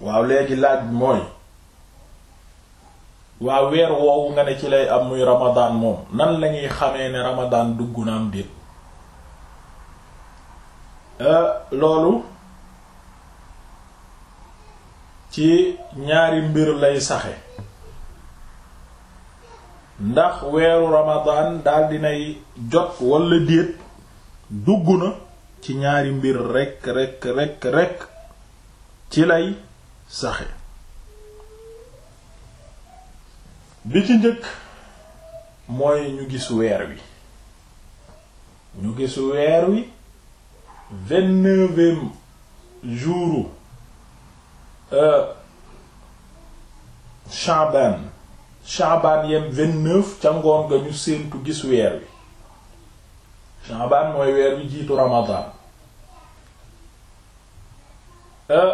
waaw léegi laaj bi mooy waaw weer woowu nga ne ci lay am muy ramadaan moom nan lañuy xamee ne ramadaan dugg na am déet euh, loolu ci ñaari mbir lay saxe ndax weeru ramadaan daal dinay jot walla déet dugg na ci ñaari mbir rekk rekk rekk rekk ci lay saxe bi ci njëkk mooy ñu gis weer wi ñu gis weer wi vingt-neuvième jouru euh, Shaban Shaban yem vingt-neuf ca ngoon nga ñu séentu gis weer wi Shaban mooy weer wi jiitu Ramadan euh,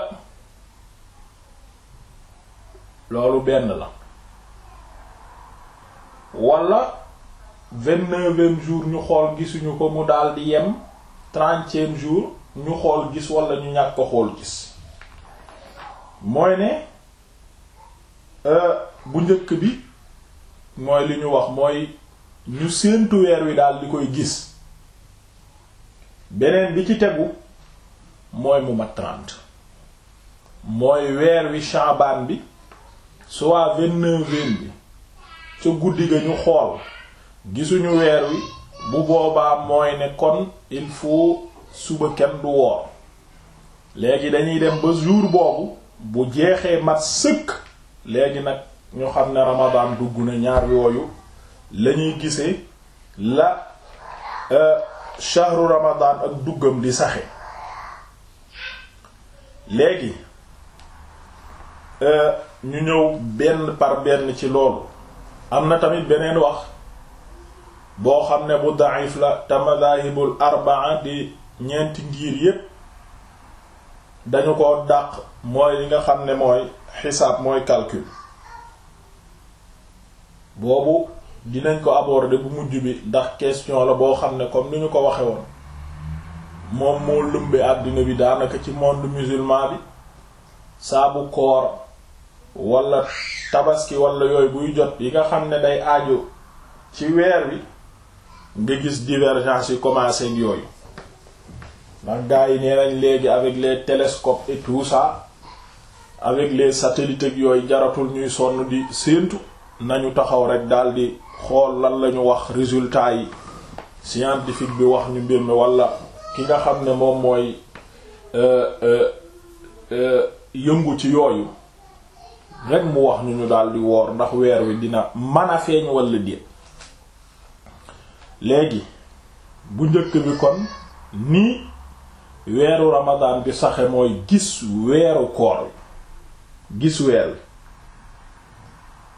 loolu benn la wala vingt-neuvième jour ñu xool gisuñu ko mu daal yem trentième jour ñu xool gis wala ñu ñàkk ko xool gis mooy ne euh, bu njëkk bi mooy li ñu wax mooy ñu séentu weer wi daal di koy gis beneen bi ci tegu mooy mu mat trente mooy weer wi shaabaan bi soit vingt-neuvième bi ca guddi ga ñu xool gisuñu weer wi bu boobaa mooy ne kon il faut suba kenn du woor léegi dañuy dem ba jur boobu bu jeexee mat sëkk léegi nag ñu xam ne ramadan dugg na ñaar yooyu lañuy gisee la euh, shahru ramadan ak duggam di saxe léegi euh, ñu ñëw benn par benn ci loolu am na tamit beneen wax boo xam ne bu da'if la te madahibul arbaa di ñeenti ngir yépp dañu ko dàq mooy li nga xam ne mooy xisaab mooy calcul boobu dinañ ko aborder bu mujj bi ndax question la boo xam ne comme ni ñu ko waxe woon moom moo lumbe àddina bi daanaka ci monde musulman bi saabu koor wala tabaski walla yooyu buy jot yi nga xam ne day aajo ci weer wi nga gis divergence yi commencé yooyu ndax gars yi nee nañ léegi avec les télescopes et tout ça avec les satellites yooyu jaratul ñuy sonn di séentu nañu taxaw rek daal di xool lan la ñu wax résultat yi scientifique bi wax ñu mbir mi wala ki nga xam ne moom mooy euh, euh, euh, yëngu ci yooyu rek mu wax ñu ñu daal woor ndax weer wi dina mën feeñ walla déet léegi bu njëkk bi kon ni weeru ramadaan bi saxe mooy gis weeru koor gis weer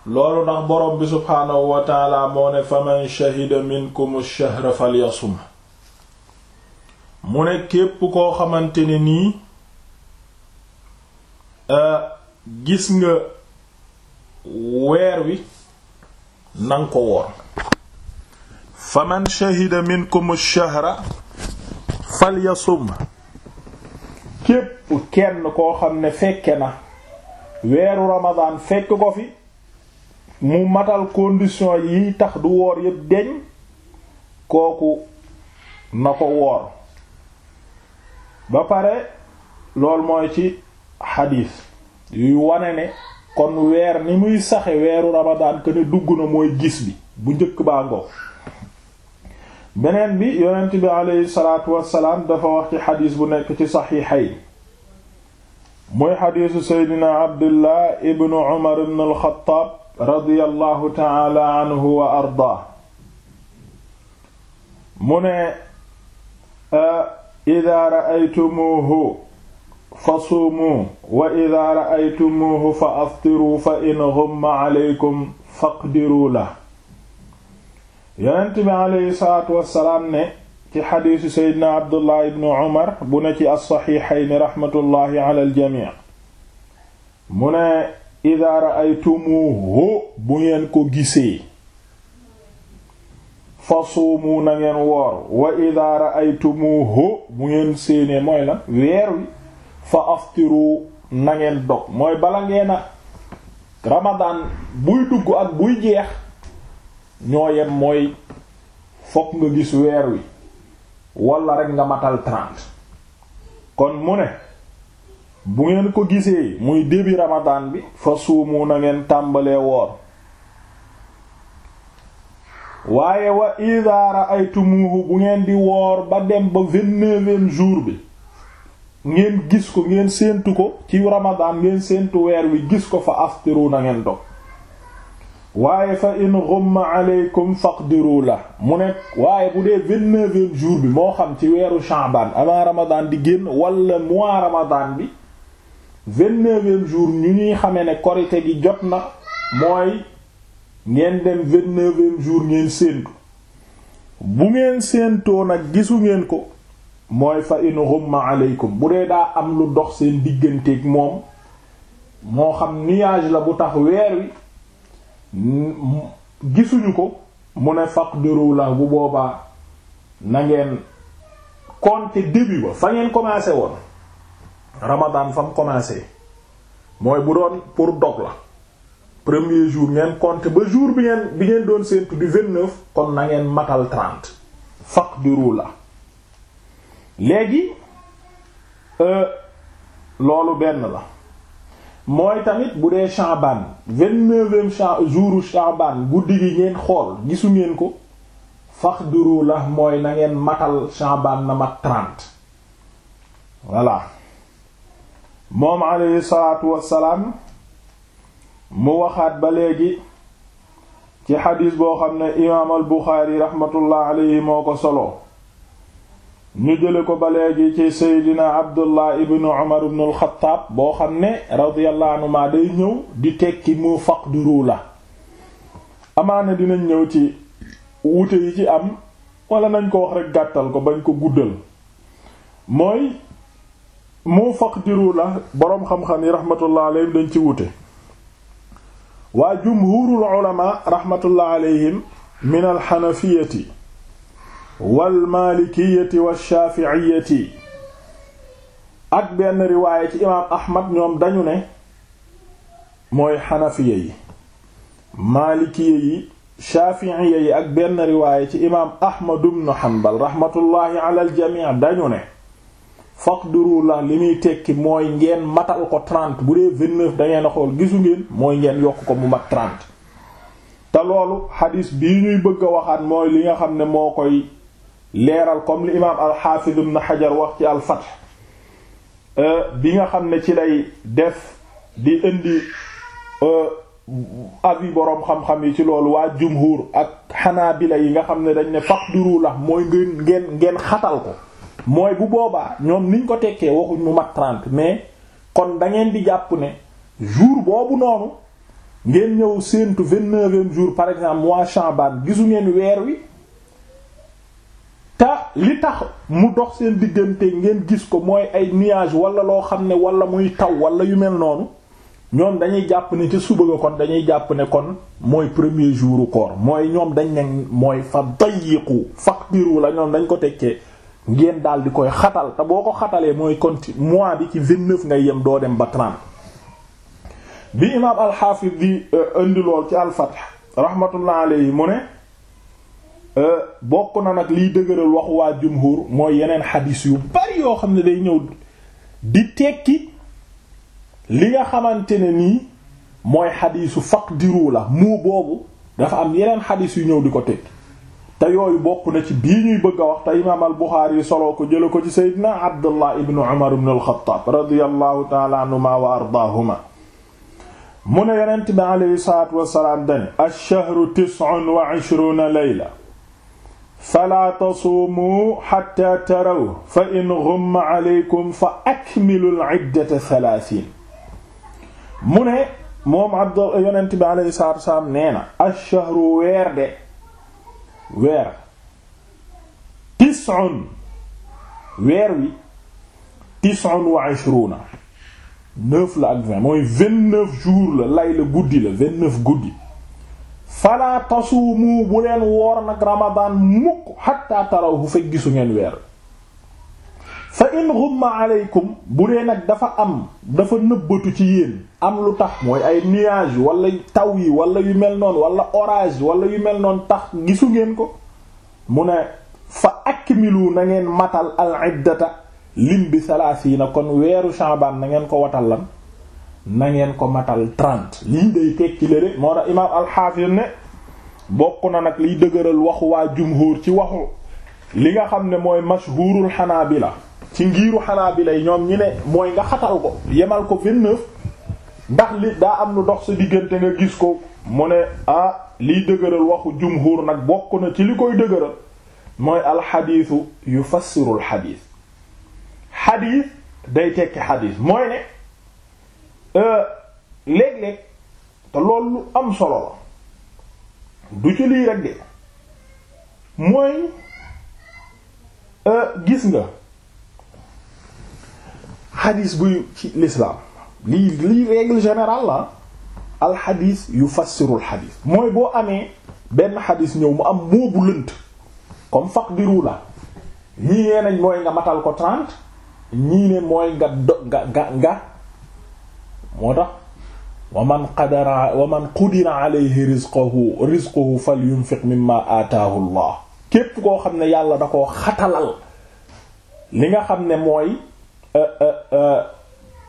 loolu ndax borom bi subhaanahu wa moo ne faman shahida minkum ash-shahra falyasum mu ne képp koo xamante ne nii eh, gis nga weer wi nanga ko woor faman shahida minkum shahra falyasum képp kenn koo xam ne fekke na weeru ramadan fekk ko fi mu matal condition yi tax du woor yépp deñ kooku na ko woor ba pare lool mooy ci xadiis yuy wane ne kon weer ni muy saxe weer ramadaan que ne dugg na mooy gis bi bu njëkk baa ngoo beneen bi yonent bi aleyhi salaatu wassalaam dafa wax xadiis bu nekk ci saxiixay muy xadiisu seydina abdullah ibnu umar ibn alxataab radiyallahu taala anhu wa ardaa mu ne idaa ra'aytumuuhu fasuumu wa idaa ra'aytumuuhu fa aftiru fa in ghumma aleykum faqdiru la yonent bi aleyhi salaatu wassalaam ne ci xadiisu seydina abdullah ibnu umar bu ne ci as-saxiixayni raxmatullaahi ala aljamic mu ne idaa ra'aytumuuhu bu ngeen ko gisee fasuumu na ngeen woor wa idaa ra'aytumuuhu bu ngeen séenee mooy lan weer wi fa aftiru na ngeen dog mooy bala ngeen a ramadaan buy dugg ak buy jeex ñoo yem mooy fokk nga gis weer wi walla rek nga matal kon mu ne bu ngeen ko gisee muy début ramadaan bi fa suumu na ngeen tàmbalee woor waaye wa idha ra'aytumuhu bu ngeen di woor ba dem ba vingt-neuvième bi ngeen gis ko ngeen séentu ko ci ramadaan ngeen séentu weer wi gis ko fa aftiru na ngeen dog waaye fa in ghumma aleykum faqdiru la mu ne waaye bu dee vingt-neuvième jour bi moo xam ci weeru sha'ban avant ramadan di génn wala mois ramadan bi vingt-neuvième jour ñu ñuy xamee ne korite gi jot na mooy ngeen dem vingt-neuvième jour ngeen séentu bu ngeen séentoo nag gisu ngeen ko mooy fa in ghumma aleykum bu dee daa am lu dox seen digganteeg moom moo xam nuage la bu tax weer wi gisuñu ko mu ne faqdiru la bu boobaa na ngeen compter début ba fa ngeen commencé woon ramadan fa mu commencé mooy bu doon pour dog la premier jour ngeen compter ba jour bi ngeen bi ngeen doon séentu di vingt-neuf kon na ngeen matal trente faqdiru la léegi euh, loolu benn la mooy tamit bu dee Shaaban vingt-neuvième jouru guddi gi ngeen xool gisu ngeen ko faxduru la mooy na matal Shaaban na mat trente voilà moom alayhi salaatu wassalaam mu waxaat ba léegi ci xadiis boo xam ne imaam al Buxaari raxmatullah alayhi moo ko solo ñu jële ko ba léegi ci seydina abdullah ibnu umar ibnu alxataab boo xam ne radiyallahu anhuma day ñëw di tekki mu di ru la amaana dinañ ñëw ci wuute yi ci am wala nañ ko wax rekk gàttal ko bañ ko guddal mooy mu faqdiru la boroom xam-xam yi rahmatullah alayhim dañ ci wute waa jumhurul ulama rahmatullah alayhim min alxanafiyati wal maalikiyati wa shaafi'iyati ak benn riwaaya ci imaam Ahmad ñoom dañu ne mooy xanafiya yi maalikiya yi shaafi'iya yi ak benn riwaaya ci imaam Ahmad ibn Hanbal raxmatullaahi alal jamii dañu ne faqduru la li ñuy tekki mooy ngeen matal ko trent bu dee vingt-neuf dangeen a xool gisu ngeen mooy ngeen yokk ko mu mat trent te loolu xadiis bi ñuy bëgg a waxaat mooy li nga xam ne moo koy leeral comme li imaam al-Hafiz ibn wax ci al euh, bi nga xam ne ci lay def di indi euh, avis boroom xam-xam yi ci loolu waa jumhur ak xanaa Hanabila yi nga xam ne dañ ne duru la mooy ngeen ngeen xatal ko mooy bu boobaa ñoom niñ ko tekkee waxuñ mu mat trent mais kon dangeen di jàpp ne jour boobu noonu ngeen ñëw séentu vingt-neuvième jour par exemple mois Chaban gisu ngeen weer wi ta li tax mu dox seen diggante ngeen gis ko mooy ay nuage wala loo xam ne wala muy taw wala yu mel noonu ñoom dañuy jàpp ni ci suba ga kon dañuy jàpp ne kon mooy premier jour koor mooy ñoom dañ mooy fa dayiqu faqdiru la ñoom dañ ko tekkee ngeen daal di koy xatal te boo ko xatalee mooy kon mois bi ci vingt-neuf ngay yem doo dem ba trente bi imaam alxaafis di euh, indi lool ci alfath rahmatullah alayhi mu ne Euh, bokk na nag liy dëgëral wax waa jumhur mooy yeneen xadis yu bari yoo xam ne day ñëw di tekki li nga xamante ne nii mooy xadisu faqdiru la mu boobu dafa am yeneen xadis yu ñëw di ko tekki te yooyu bokk na ci bii ñuy bëgg a wax te imaam al Buxaari soloo ko jële ko ci seydina Abdullah ibnu Umar ibnu al-Xattaab radiyallahu taala anhuma wa ardaahuma mu ne yonent bi aleyhi salaatu wassalaam dane ash-shahru tis'un wa ishruuna layla fala tasuumu xatta taraw fa in ghumma aleykum fa akmilu al-iddata thalaathin mu ne moom abd yonent bi aleyhi salaatu wasalaam nee na ash-shahru weer de weer tis'un weer wi tis'un wa ishruna neuf la ak vingt mooy vingt-neuf jours la lay la guddi la vingt-neuf guddi fala tasuumu bu leen woor nag ramadaan mukk xatta tarawhu fekk gisu ngeen weer fa in ghumma aleykum bu dee nag dafa am dafa nëbbatu ci yéen am lu tax mooy ay nuage walla taw yi wala yu mel noonu wala orage wala yu mel noon tax gisu ngeen ko mu ne fa akmilu na ngeen matal al iddata lim bi salaasiina kon weeru shaabaan na ngeen ko watal lan na ko matal trente lii day tekki lële moo tax imaam alxaafir ne bokk na nag liy dëgëral waxu waa jumhur ci waxu li nga xam ne mooy xanaa bi la ci ngiiru bi lay ñoom ñi ne mooy nga xatal ko yemal ko vingt ndax li daa am lu dox sa diggante nga gis ko mu ne ah liy dëgëral waxu jumhur nag bokk na ci li koy dëgëral mooy yu yufassirul xadiis xadiis day tekki xadiis mooy ne Euh, léeg-léeg te loolu lu am solo la du ci lii rek de mooy euh, gis nga xadis buy ci l'islam lii lii règle générale la al xadis yu fassirul xadis mooy boo amee benn xadis ñëw mu am moobu lënt comme faqdiru la ñii nee nañ mooy nga matal ko trente ñii ne mooy nga nga nga moo tax wa man qadara wa man qudira alayhi rizquhu rizquhu falyunfiq mimma ataahu Allah képp koo xam ne yàlla da koo xatalal li nga xam ne mooy euh, euh, euh,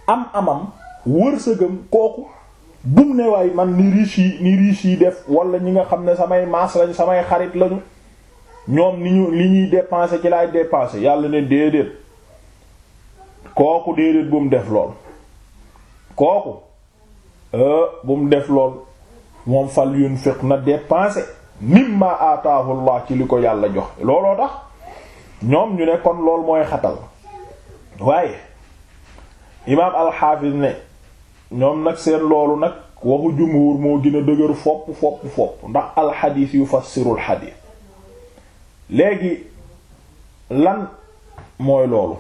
am amam wërsëgam kooku bum ne waay man ni riche yi ni riche yi def wala ñi nga xam ne samay maas lañ samay xarit lañu ñoom ni ñu li ñuy dépenser ci laay dépenser yàlla ne déedéet kooku déedéet bum def lool kooku euh, bu mu def lool moom fal yunfiq na dépenser mimma ataahu Allah ci li ko yàlla jox looloo tax ñoom ñu ne kon lool mooy xatal waaye imaam alxaafis ne ñoom nag seen loolu nag waxu jumhur moo gën a dëgër fopp fopp fopp ndax alxadiis yu fassirul xadiis léegi lan mooy loolu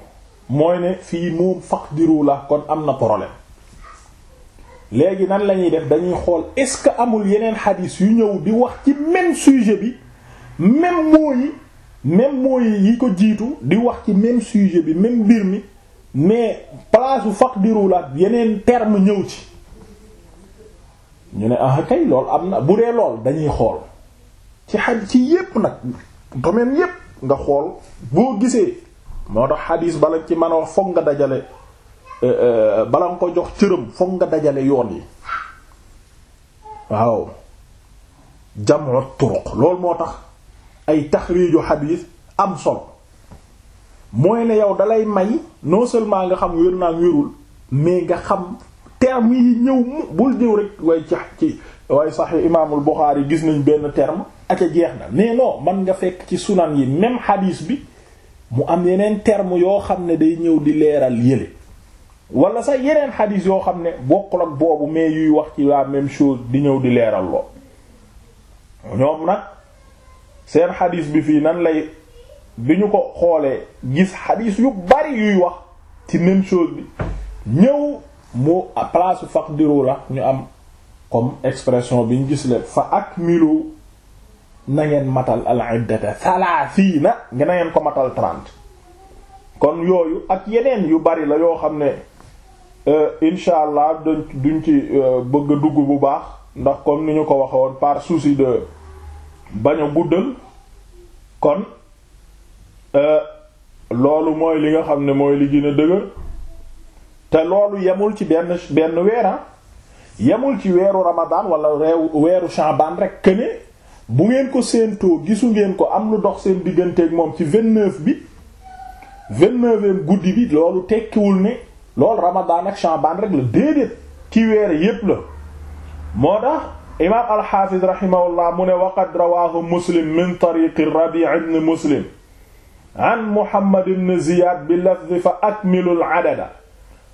mooy ne fii moom faqdiru la kon am na problème léegi nan lañuy def dañuy xool est-ce que amul yeneen xadiis yu ñëw di wax ci même sujet bi même moo yi même moo yi ko jiitu di wax ci même sujet bi même mbir mi mais place u faqdiru la yeneen terme ñëw ci ñu ne ah kay lool am na bu dee lool dañuy xool ci xaj ci yépp nag domaine yépp nga xool boo gisee moo tax xadiis bala ci mën a wax fokk nga dajale Euh, euh, bala nga ko jox cëram fokk nga dajale yoon yi waaw jamu turuq lool moo tax ay taxriiju xadiis am solo mooy ne yow dalay may noo seulement nga xam wér naa wérul mais nga xam terme yi ñëw mu bul ñëw rek way sax ci waaye saxi imaamul Buxaari gis nañ benn terme ak a jeex na mais non man nga fekk ci sunan yi même xadiis bi mu am yeneen terme yoo xam ne day ñëw di leeral yéle wala sax yeneen xadiis yoo xam ne bokkul ak boobu mais yuy wax ci la même chose di ñëw di leeral lool ñoom nag seen xadiis bi fii nan lay bi ñu ko xoolee gis xadiis yu bari yuy wax ci même chose bi ñëw mu place faqdiru la ñu am comme expression bi ñu gis leen fa akmilu na ngeen matal al iddata thalathina nga na ngeen ko matal trente kon yooyu ak yeneen yu bari la yoo xam ne Euh, incha allah duñ ci euh, bëgg dugg bu baax ndax comme ni ñu ko waxoon par souci de bañ a guddal kon euh, loolu mooy li nga xam ne mooy li gën a dëgër te loolu yemul ci benn benn weera ah. yemul ci weeru ramadan wala reew weeru chamban rek que bu ngeen ko séentoo gisu ngeen ko am lu dox seen digganteeg moom ci vingt-neuf bi vingt-neuvième guddi bi loolu tekkiwul ne loolu Ramadan ak Sha'ban rek la déedéet ci weer yépp la moo tax imaam al-Hafiz rahimahullah mu ne waqad rawahu Muslim min tariqi Rabi' ibn Muslim an Muhammad ibn Ziyad bi lafzi fa akmilu al-adada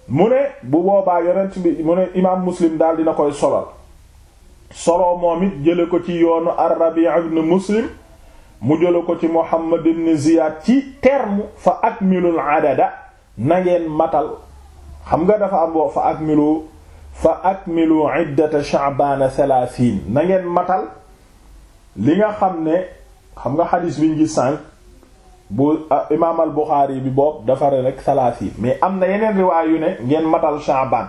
mu ne bu boobaa yonent bi mu ne imaam Muslim daal dina koy solal solo moom it jële ko ci yoonu ar-Rabi' ibn Muslim mu jële ko ci Muhammad ibn Ziyad ci terme fa akmilu al-adada na ngeen matal xam nga dafa am fa akmilu fa akmilu iddata sha'bana thalathin na ngeen matal li nga xam ne xam nga xadis bi ñu sànq bu ah, imaam al Buxaari bi boobu dafa rek thalathin mais am na yeneen riwaay yu ne ngeen matal sha'ban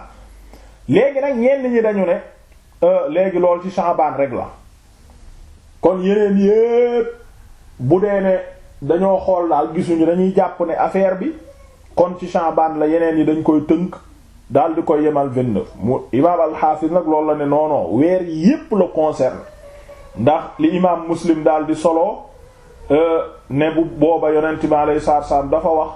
léegi nag ñenn ñi dañu ne euh, léegi lool ci sha'ban rek la kon yeneen yépp bu dee ne dañoo xool daal gisuñu dañuy jàpp ne affaire bi kon ci Sha'ban la yeneen yi dañ koy tënk daal di koy yemal vingt-neuf mu imaam alxaafis nag loolu la ne non non weer yépp la concerne ndax li imaam Muslim daal di solo euh, ne bu booba yonent bi alayhi salaatu salaam dafa wax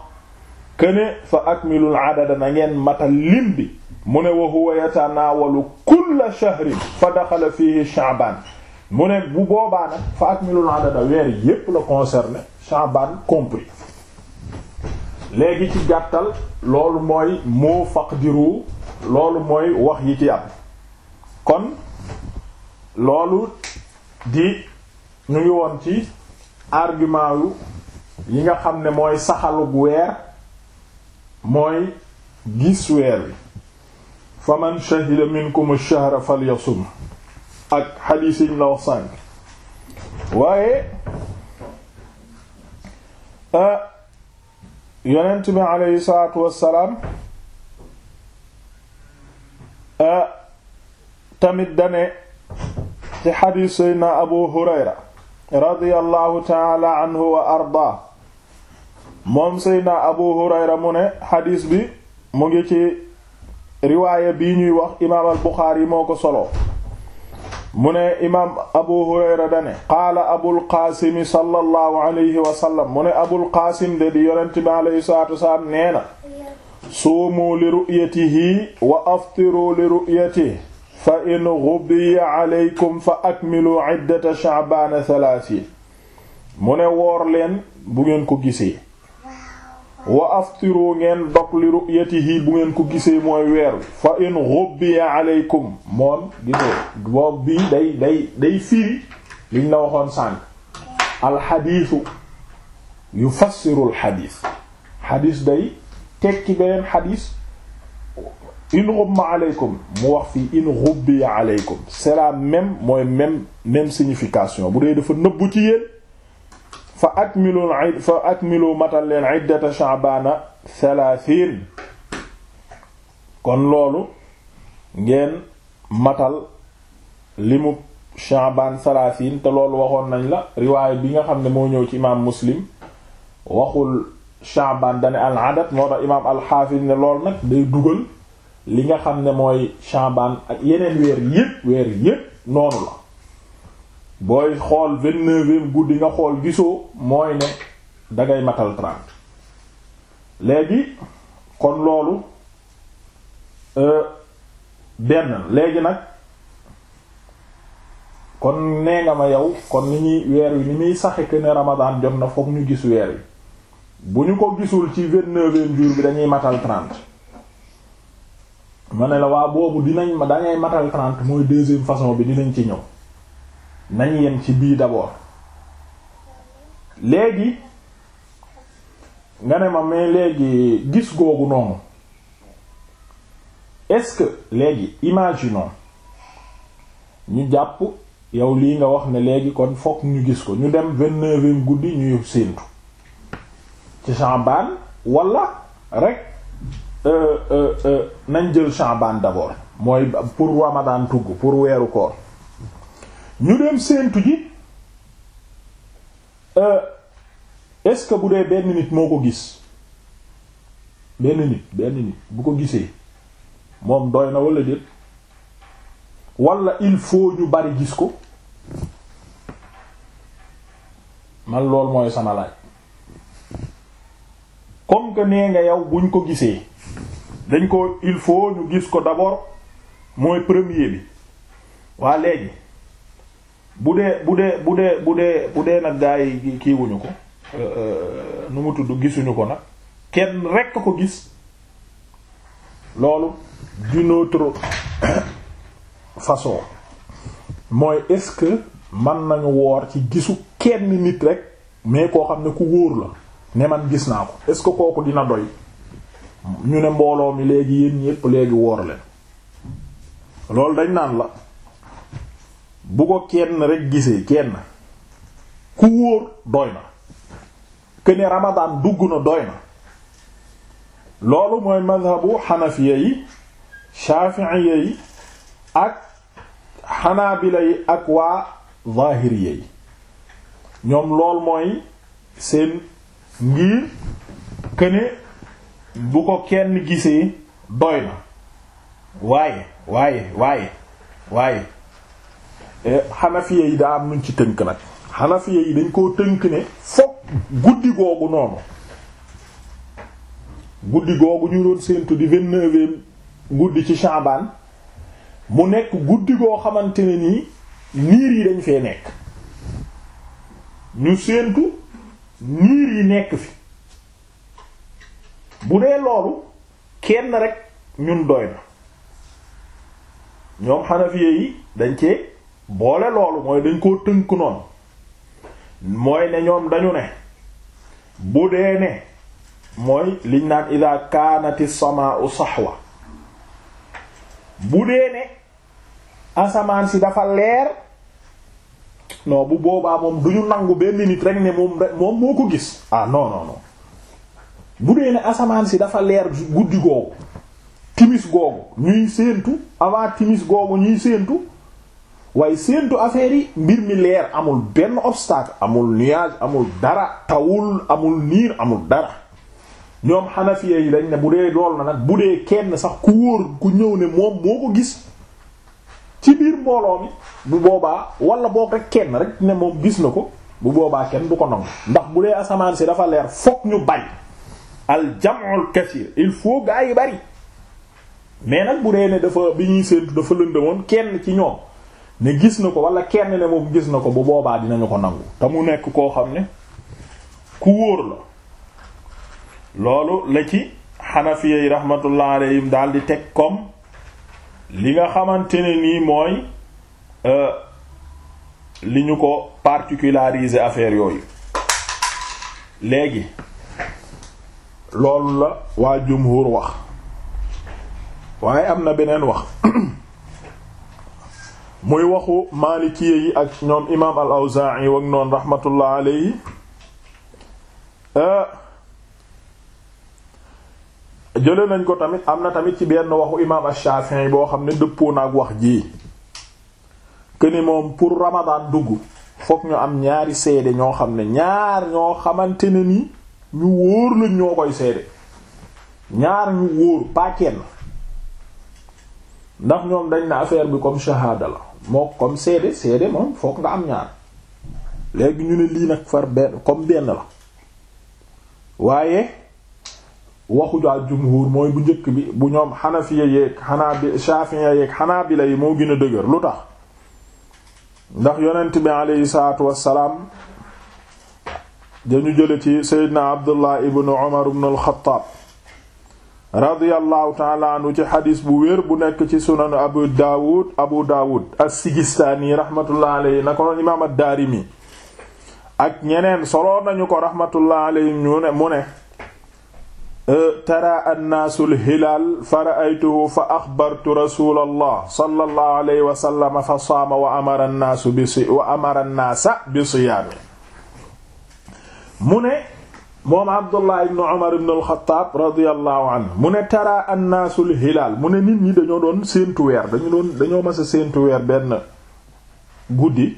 këne fa akmilul adada na ngeen matal lim bi mu ne wa huwa yatanaawalu kulla shahrin fa daxala fihi Sha'ban mu ne bu boobaa nag fa akmilul adada weer yépp la concerne Sha'ban compris léegi ci gàttal loolu mooy moo faqdiru loolu mooy wax yi ci am kon loolu di ñu ngi woon ci argument yu yi nga xam ne mooy saxalug weer mooy gis weer wi faman shahida minkum ash-shahra falyasum ak xadiis yiñ la wax sànk waaye euh, yonent bi aleyhi salaatu wassalaam tamit dane ci xadiis seydna abu hurayra radiyallahu taala anhu wa arda moom seydna abu hurayra mu ne xadiis bi mu ngi ci riwaaya bi ñuy wax imaam al moo ko solo mu ne imaam abu hurayra dane qaala abulqaasimi sallallahu alayhi wa sallam mu ne abulqaasim de di yonent bi alayhi salaatu wasalaam nee na suumu li ru'yatihi wa aftiru li ru'yatihi fa in ghubiya alaykum fa akmilu iddata sha'baana thalaathiin mu ne woor leen bu ngeen ko gisee wa aftiru ngeen dog li ru'yatihi bu ngeen ko gisee mooy weer wi fa in ghubbiya aleykum moom gisee boobu bii day day day firi liñ la waxoon sànq alxadiisu yufassiru alxadiis xadiis day tekki beneen xadiis in ghumma aleykum mu wax fii in ghubbiya aleykum c'est la même mooy signification bu dee dafa nëbbu ci yéen fa akmilu fa akmilu matal leen iddata sha'bana thalathin kon loolu ngeen matal limu sha'ban thalathin te loolu waxoon nañ la riwaay bi nga xam ne moo ñëw ci imaam muslim waxul sha'ban dane al adat moo tax imaam alxaafis ne loolu nag day dugal li nga xam ne mooy sha'ban ak yeneen weer yépp weer yépp noonu la booy xool vingt-neuvième guddi nga xool gisoo mooy ne dangay matal trente léegi kon loolu euh, benn léegi nag kon nee nga ma yow kon ni ñuy weer wi ni muy saxe que ne Ramadan jot na fokk ñu gis weer wi bu ñu ko gisul ci vingt-neuvième jour bi dañuy matal trent ma ne la waa boobu dinañ ma dangay matal trente mooy deuxième façon bi dinañ ci ñëw nañ yem ci bii d'abord léegi nga ne ma mais léegi gis googu noonu est-ce que léegi imaginons ñu jàpp yow lii nga wax ne léegi kon fokk ñu gis ko ñu dem vingt-neuvième guddi ñu séentu ci Sha'ban wala rek euh, euh, euh, nañ jël Sha'ban d'abord mooy pour Ramadan tugg pour weeru koor ñu dem séentu ji euh, est-ce que bu dee benn nit moo ko gis benn nit benn nit bu ko gisee moom doy na walla déet wala il faut ñu bari gis ko man lool mooy sama laaj comme que nee nga yow buñ ko gisee dañ ko il faut ñu gis ko d'abord mooy premier bi waa léegi bu dee bu dee bu dee bu dee bu dee nag gaa yi kiiwuñu ko euh, euh, nu mu tudd gisuñu ko nag kenn rekk ko gis loolu d'une autre façon mooy est-ce que mën nañu woor ci gisu kenn nit rek mais koo xam ne ku wóor la ne man gis naa ko est-ce que kooku dina doy ñu ne mbooloo mi léegi yéen ñépp léegi woor leen loolu dañ naan la bu ko kenn rek gisee kenn ku wóor doy na que ne Ramadan dugg na doy na loolu mooy madhabu xanafiya yi shaafiiya yi ak xanaabila yi ak waa zahiriya yi ñoom lool mooy seen ngir këne bu ko kenn gisee doy na waaye waaye waaye waaye xanafiya eh, yi daa am nuñ ci tënk nag xanafiya yi dañ koo tënk ne fokk guddi googu noonu guddi googu ñu doon séentu di vingt-neuvième guddi ci Shaaban mu nekk guddi goo xamante ne nii niir yi dañ fee nekk ñu séentu niir yi nekk fi bu dee loolu kenn rek ñun doy na ñoom xanafiya yi dañ cee boole loolu mooy dañ koo tënk noonu mooy ne ñoom dañu ne bu dee ne mooy liñ naan ida kaanati samaa'u sahwa bu dee ne asamaan si dafa leer non bu boobaa moom duñu nangu benn nit rek ne moom moom moo ko gis ah non bu dee ne asamaan si dafa leer guddi googu timis googu ñuy séentu avant timis googu ñuy séentu waaye séentu affaire yi mbir mi leer amul benn obstacle amul nuage amul dara tawul amul niir amul dara ñoom xanafiya yi dañ ne bu dee lool na nag bu dee kenn sax ku wóor ku ñëw ne moom moo ko gis ci biir mbooloo mi bu boobaa wala boog rek kenn rek ne moom gis na ko bu boobaa kenn du ko nangu ndax bu dee asamaan si dafa leer fokk ñu bari al jam'ul il faut gaa yi bari mais nag bu dee ne dafa bi ñuy séentu dafa lëndëmoon kenn ci ñoom ne gis na ko wala kenn ne moom gis na ko bu boobaa dinañu ko nangu te mu nekk koo xam ne ku wóor la loolu la ci xanafiya yi rahmatullah alayhim daal di teg comme li nga xamante ne nii mooy euh, li ñu ko particulariser affaire yooyu léegi loolu la waa jumhur wax waaye am na beneen wax muy waxu maalikiye yi ak ñoom imaam al awzaa'i wak noon rahmatullah alayhi eh, jële nañ ko tamit am na tamit ci benn waxu imaam ash-Shafi'i yi boo xam ne dëppoo na ak wax ji que moom pour Ramadan dugg fokk ñu am ñaari seede ñoo xam ne ñaar ñoo xamante ne ni ñu wóor lañ ñoo koy seede ñaar ñu wóor pas kenn ndax ñoom dañ na affaire bi comme shahada la moo comme seede seede moom foog nga am ñaar léegi ñu ne lii nag far benn comme benn la waaye waxu daal jumhur mooy bu njëkk bi bu ñoom xanafiya yeeg xanaa bi shafiya yeeg xanaa bi lay moo gën a dëgër lu tax ndax yonent bi aleyhi salaatu wassalaam dañu jële ci seydina abdullah ibnu umar ibnu alxataab radiyallahu taala anhu ci xadis bu wér bu nekk ci sunanu abu daawud abu daawud as-sigistaani rahmatullah alayhi na ko noon imaam ad-daarimi ak ñeneen solo nañu ko rahmatullah alayhi ñu ne mu ne e, tara annaasu lhilaal fa ra'aytuhu fa axbartu rasul allah sallallahu alayhi wa fa saama wa amara annaasu bi wa amara annaasa bi siyaami mu ne moom Abdullah ibn Umar ibn al-Khattab radiyallahu mu ne tara annaasu hilaal mu ne nit ñi dañoo doon séentu weer dañu doon dañoo mës a séentu weer benn guddi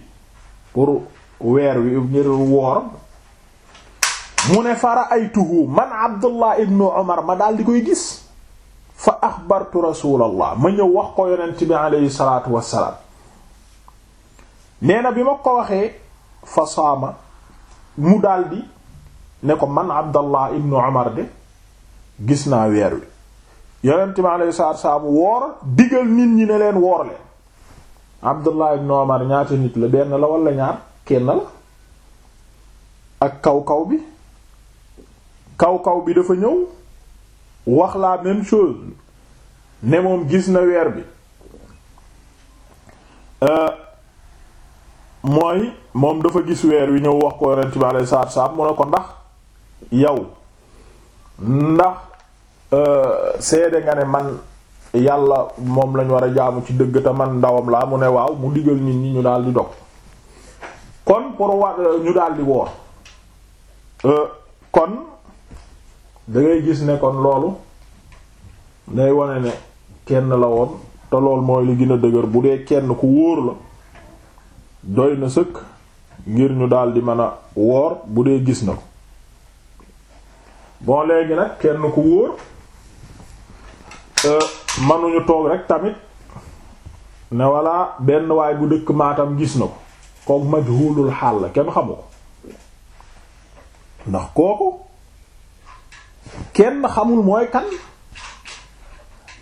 pour weer wi ngir woor mu ne fara aytuhu man Abdullah ibn Umar ma daal di koy gis fa axbartu rasulallah ma ñëw wax ko yonent bi aleyhi salaatu wassalaam nee bi ma ko waxee fa saama mu daldi ne ko man abdallah ibnu omar de gis naa weer wi yonent mi alayhi salaatu wasalaam woor digal nit ñi ne leen woor leen abdallah ibnu omar ñaata nit la benn la walla ñaar kenn la ak kaw kaw bi kaw kaw bi dafa ñëw wax laa même ne moom gis na weer bi euh, mooy moom dafa gis weer wi ñëw wax ko yonent bi alayhi salaatu wasalaam mu ne ko ndax yow ndax euh, seede nga ne man yàlla moom lañ war a jaamu ci dëgg man ndawam laa mu ne waaw mu digal nit ñi ñu daal di dog kon pour wa euh, ñu daal di woor euh, kon dangay gis ne kon loolu day wone ne kenn la woon te loolu mooy li gën a dëgër bu dee kenn ku wóor la doy na sëkk ngir ñu daal di mën a woor bu dee gis na ko bon léegi nag kenn ku wóor euh, manuñu toog rek tamit ne walla benn waay bu dëkk maatam gis na ko kooku majhulul xaal la kenn xamu ko ndax kooku kenn xamul mooy kan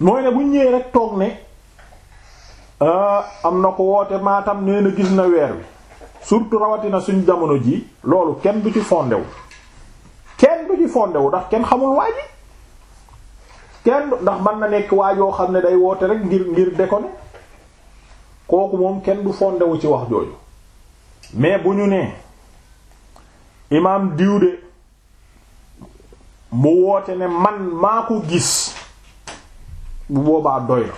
mooy ne bu ñëwee rek toog ne euh, am na ko woote Matam nee na gis na weer wi surtout rawatina suñu jamono ji loolu kenn bu ci fondew kenn du ci fondé wu ndax kenn xamul waa ji kenn ndax man na nekk waa yoo xam ne day woote rek ngir ngir déconner kooku moom kenn du fondé wu ci wax jooju mais bu ñu nee imaam diw de mu woote ne man maa ko gis bu boobaa doy na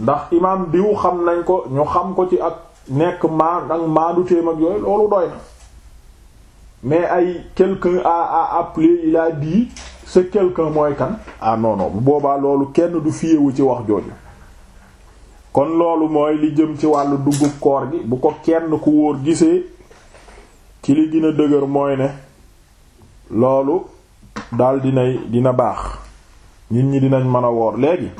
ndax imaam diw xam nañ ko ñu xam ko ci ak nekk maa ak du téem ak yooyu loolu doy na mais ay quelqu'un a a appelé il a dit ce mooy kan ah non bu boobaa loolu kenn du fiyewu ci wax jooju kon loolu mooy li jëm ci wàllu dugub koor gi bu ko kenn ku wóor gisee ci li gën dëgër mooy ne loolu daal dinay dina baax nit ñi dinañ mën a woor léegi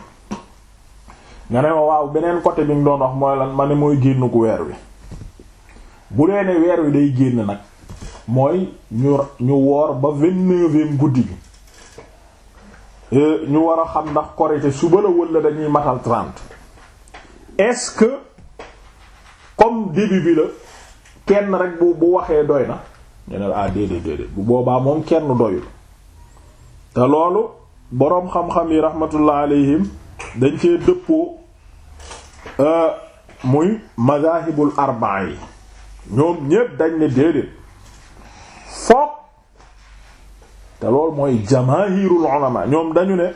nga ne ma waaw beneen côté bi nga doon wax mooy lan ma ne mooy génn ku weer wi bu dee ne weer wi day génn nag mooy ñu ñu woor ba vingt-neuvième guddi bi euh, ñu war a xam ndax korite suba la walla dañuy matal trente est-ce que comme début bi la kenn rek bu bu waxee doy na ñu ne ah déedéet déedéet bu boobaa moom kenn doyul te loolu boroom xam-xam yi rahmatullah alayhim dañ cee dëppoo euh, muy mazahibul arba'a yi ñoom ñépp dañ ne déedéet foog te loolu mooy jamaa jamaahirul ulama ñoom dañu ne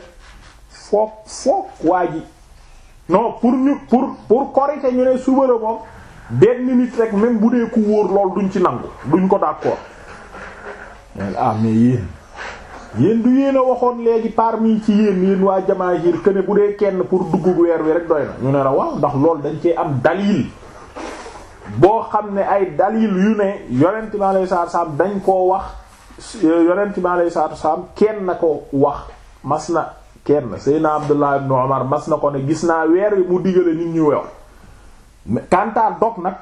foog foog waa ji non pour ñu pour pour korite ñu ne suba la moom benn nit rek même bu dee ku wóor lool duñ ci nangu duñ ko d'accord mais ah mais yéen yeen du yéen a waxoon léegi parmi ci yéen yéen waa jamaahir que ne bu dee kenn pour dugg weer wi rek doy na ñu ne la waaw ndax loolu dañ cee am dalil boo xam ne ay dalil yu ne yonent bi alayhi salaatu salaam dañ koo wax yonent bi alayhi salaatu salaam kenn na ko wax mas na kenn Seydina Abdullah ibn Umar mas na ko ne gis naa weer wi mu digale nit ñu wew kantaa dog nag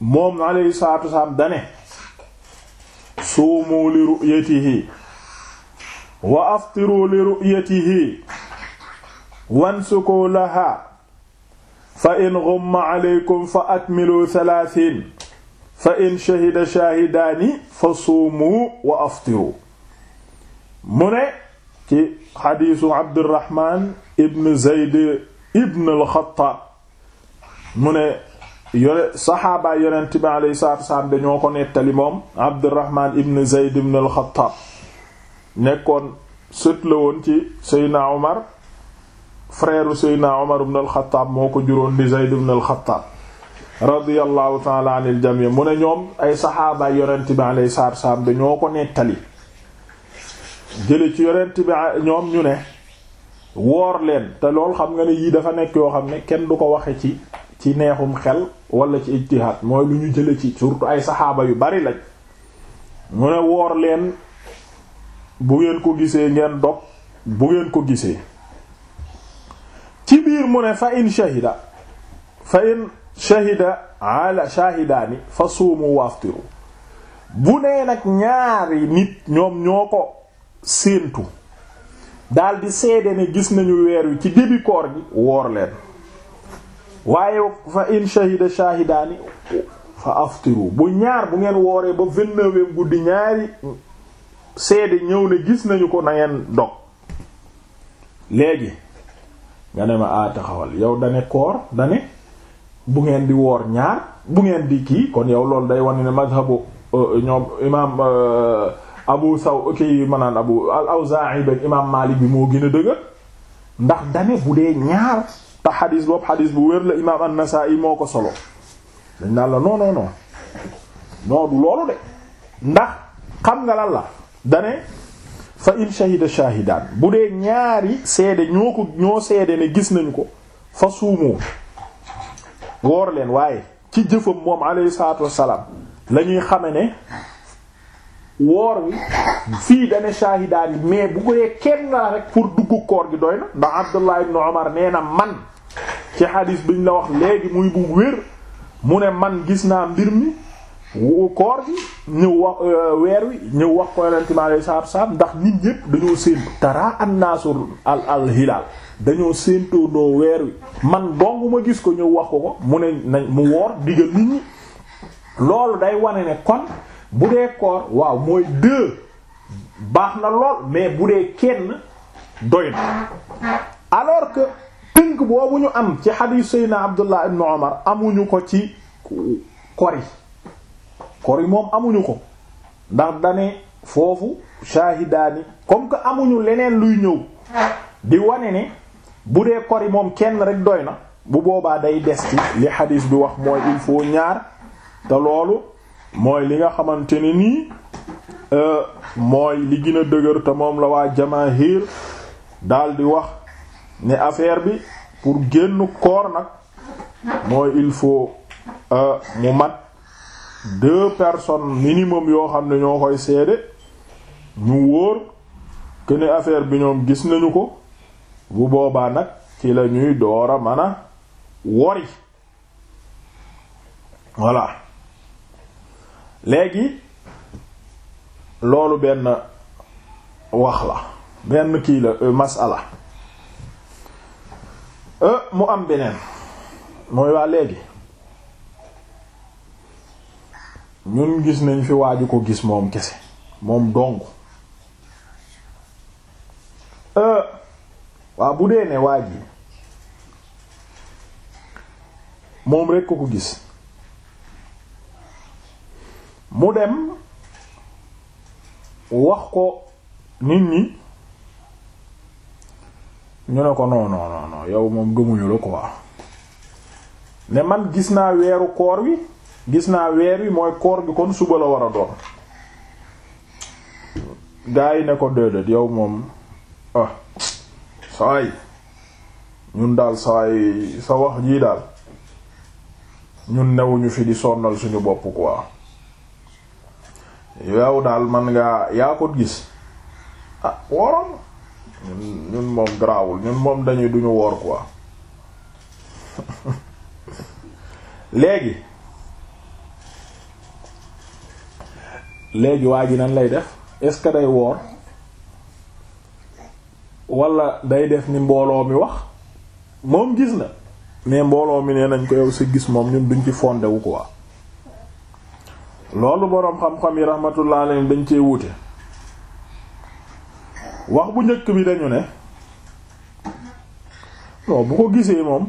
moom alayhi salaatu salaam dane suumu li ru'yatihi wa aftiru li ru'yatihi wansuku laha fa in ghumma aleykum fa akmilu thalathin fa in shahida shahidaani fa suumu wa aftiru mu ne ci xadiisu abdirahman ibn zayd ibn alxataab mu ne yone saxaabaa yonent bi aleyhi salaatu wasalaam dañoo ko nettali moom abdirahman ibn zayd ibn alxataab nekkoon sët la woon ci seydna omar frère Seydina Omar ibn al moo ko juróon di Zayd ibn al-Khattab radiyallahu taala anil jami mu ne ñoom ay saxaaba yonent bi alayhi salaatu salaam dañoo ko nettali jële ci yorent bi ñoom ñu ne woor leen te lool xam nga ne yii dafa nekk yoo xam ne kenn du ko waxe ci ci neexum xel wala ci ijtihaad mooy lu ñu jële ci surtout ay saxaaba yu bari lañ mu ne woor leen bu ngeen ko gisee ngeen dog bu ngeen ko gisee ci biir mu ne fa in shahida fa in shahida ala shahidaani fa suumu waftiru bu nee nag ñaari nit ñoom ñoo ko séentu daldi seede ne gis nañu weer wi ci début koor gi woor leen waaye fa in shahida shahidaani fa aftiru bu ñaar bu ngeen wooree ba vingt-neuvième guddi ñaari seede ñëw ne gis nañu ko na ngeen dog léegi nga ne ma a ah, taxawal yow dane koor dane bu ngeen di woor ñaar bu ngeen di kii kon yow loolu day wane ne madhabu euh, ñoom imaam euh, abu saw kii manaan abu al-Awzaa'i ben imaam Maalik bi moo gën a dëgër ndax dane bu dee ñaar te xadis boobu xadis bu wér la imaam an-Nasaa'i moo ko solo dañ naan la non non non loolu de ndax xam nga lal la dane fa in shahida shahidaan bu dee ñaari seede ñoo ko ñoo seede ne gis nañu ko fa suumoo woor leen waaye ci jëfam moom alayhi salaatu wassalaam lañuy ñuy xame ne woor wi fii dane shahidaan yi mais bu ko dee kenn la rek pour dugg koor gi doy na ndax Abdullah ibn Umar nee na man ci xadiis biñ la wax léegi muy bu wér mu ne man gis naa mbir mi koor bi ñëw euh, weer wi ñëw wax ko yonent mi alayhi salaatu salaam ndax nit ñépp dañoo séentu tara annaasu al al hilaal dañoo séentoo noo weer wi man dong gis ko ñëw wax ko ko mu ne nañ mu woor digal nit ñi loolu day wane ne kon bu dee koor waaw mooy deux baax na lool mais bu dee kenn doy na alors que tënk boobu ñu am ci xadiis Seydina Abdullah ibn Omar amuñu ko ci kori kori moom amuñu ko ndax dane foofu shaahidaani comme que amuñu leneen luy ñëw di wane ne bu dee kori moom kenn rek doy na bu boobaa day des ci li xadiis bi wax mooy il faut ñaar te loolu mooy li nga xamante ne nii euh, mooy li gën a dëgër te moom la waa jamaahir daal di wax ne affaire bi pour génn koor nag mooy il faut euh, mu mat deux personnes minimum yoo xam ne ñoo koy seede ñu wóor que ne affaire bi ñoom gis nañu ko bu boobaa nag ci la ñuy door a mën a wori voilà léegi loolu benn wax la benn kii la euh, masala euh, mu am beneen mooy waa léegi ñun gis nañ fi waaju ko gis moom kese moom dong euh, waa bu dee ne waaj yi moom rekk ko ko gis mu dem wax ko nit ñi ñu ne ko non non non yow moom gëmuñu la quoi ne man gis naa weeru koor wi gis naa weer wi mooy koor bi kon suba la war a doon gaa yi ne ko déedéet yow moom ah saay ñun daal saay sa wax jii daal ñun newuñu fi di sonnal suñu bopp quoi yow daal man ngaa yaa ko gis ah wooroon ñun moom garaawul ñun moom dañuy duñu woor quoi léegi léegi waa ji nan lay def est-ce que day woor wala day def ni mbooloo mi wax moom gis na mais mbooloo mi nee nañ ko yow sa gis moom ñun duñ ci fondé ko waa loolu boroom xam-xam yi rahmatullah alayhi dañ cee wuute wax bu njëkk bi dañu ne non bu ko gisee moom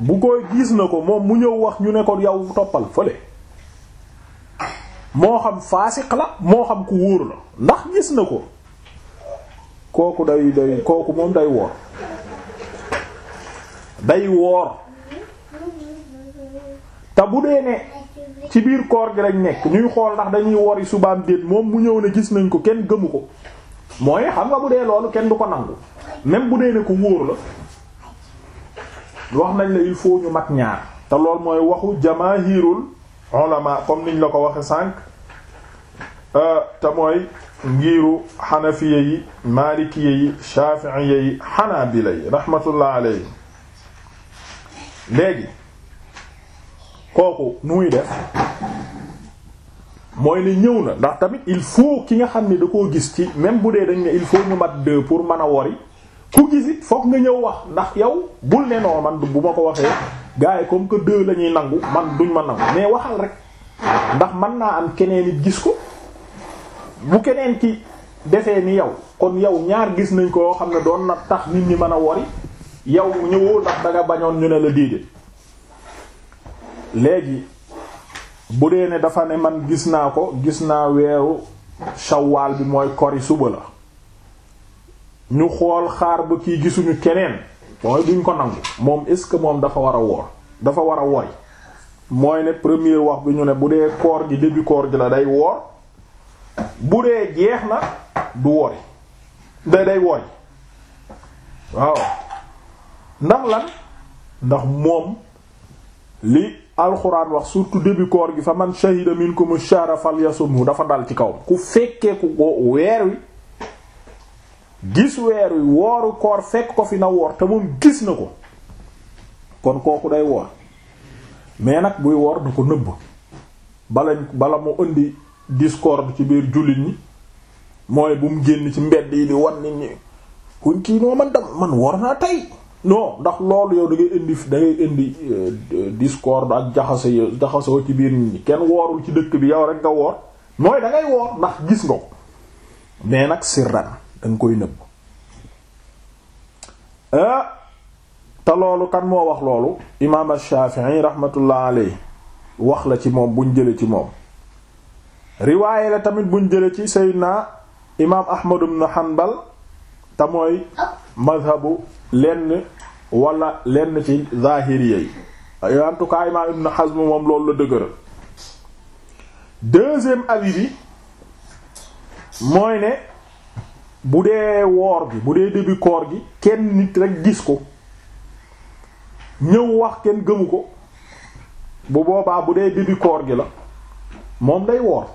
bu koy gis na ko moom mu ñëw wax ñu ne ko yow toppal fële moo xam faasiq la moo xam ku wóor la ndax gis na ko kooku day day kooku moom day woor day woor te bu dee ne ci biir koor gi lañ nekk ñuy xool ndax dañuy wori subaam déet moom mu ñëw ne gis nañ ko kenn gëmu ko mooy xam nga bu dee loolu kenn du ko nangu même bu dee ne ko wóor la wax nañ la il faut ñu mat ñaar te loolu mooy waxu jamaahirul ulama comme niñ la ko waxe sànq Ah, te mooy ngiiru xanafiye yi maalikiye yi shaafiiye yi bila yi rahmatullah alayhi léegi kooku mu muy def mooy ne ñëw na ndax tamit il faut ki nga xam ne da koo gis ci même bu dee dañ ne il faut ñu mat deux pour mën a wori ku gis it fokk nga ñëw wax ndax yow bul ne man bu ma ko waxee gars yi comme que deux la ñuy nangu man duñ ma nangu mais waxal rek ndax mën naa am keneen it gis ko bu keneen ki defee ni yow kon yow ñaar gis nañ ko yoo xam ne doon na tax nit ñi mën a wori yow ñëwoo ndax danga bañoon ñu ne la déedéet léegi bu dee ne dafa ne man gis naa ko gis naa weeru shawaal bi mooy kori suba la ñu xool xaar ba kii gisuñu keneen mooy duñ ko nangu moom est-ce que moom dafa war a woor dafa war a wori mooy ne premier wax bi ñu ne bu dee koor gi début koor gi la day woor buree dee jeex na du wori da day wori waaw ndax lan ndax moom li alxuraan wax surtout début koor gi fa man shahida minkum shahra falyasumhu dafa dal ci kaw ku fekkee ku ko weer wi gis weer wi wooru koor fekk ko fi na woor te moom gis na ko kon kooku day woor mais nag buy woor du ko nëbb balañ bala mu indi discorde ci biir jullit ñi mooy bu mu génn ci mbedd yi di wan nit ñi kuñ kii noo man dam man war naa tey non ndax loolu yow da indi da ngay indi euh, discorde ak jaxase jaxasoo ci biir nit ñi kenn woorul ci dëkk bi yow rek nga woor mooy da ngay woor ndax gis nga ko mais nag sirran da nga koy nëbb euh, te loolu kan moo wax loolu imaam Shaafi'i rahmatullah alayhi wax la ci moom buñ jële ci moom riwaaye la tamit buñ jëlee ci seydna imaam ahmad ibn hanbal te mooy madhabu lenn wala lenn ci zahiriya yi en tout cas imaam ibn hazm moom loolu la dëgëral deuxième avis bi mooy ne bu dee woor gi bu dee début koor gi kenn nit rek gis ko ñëw wax kenn gëmu ko bu boobaa bu dee début koor gi la moom day woor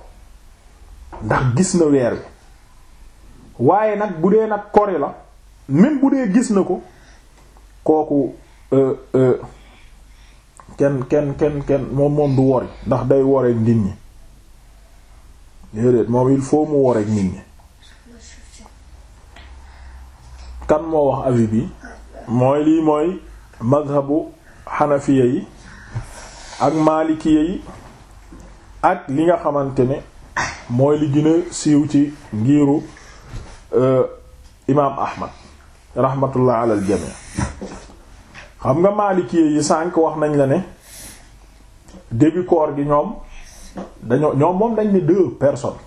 ndax gis na weer wi waaye nag bu dee nag kori la même bu dee gis na ko kooku euh, euh, kenn kenn kenn kenn moom moom du wori ndax day woreek nit ñi déedéet moom il faut mu woreek nit ñi kan moo wax avis bi mooy lii mooy mazhabu xanafiya yi ak maalikiya yi ak li nga xamante ne mooy li gën a siiw ci ngiiru euh, imaam Ahmad rahmatullah ala al jami xam nga maaliki yi sànq wax nañ la ne début koor gi ñoom dañoo ñoom moom dañ ne deux personnes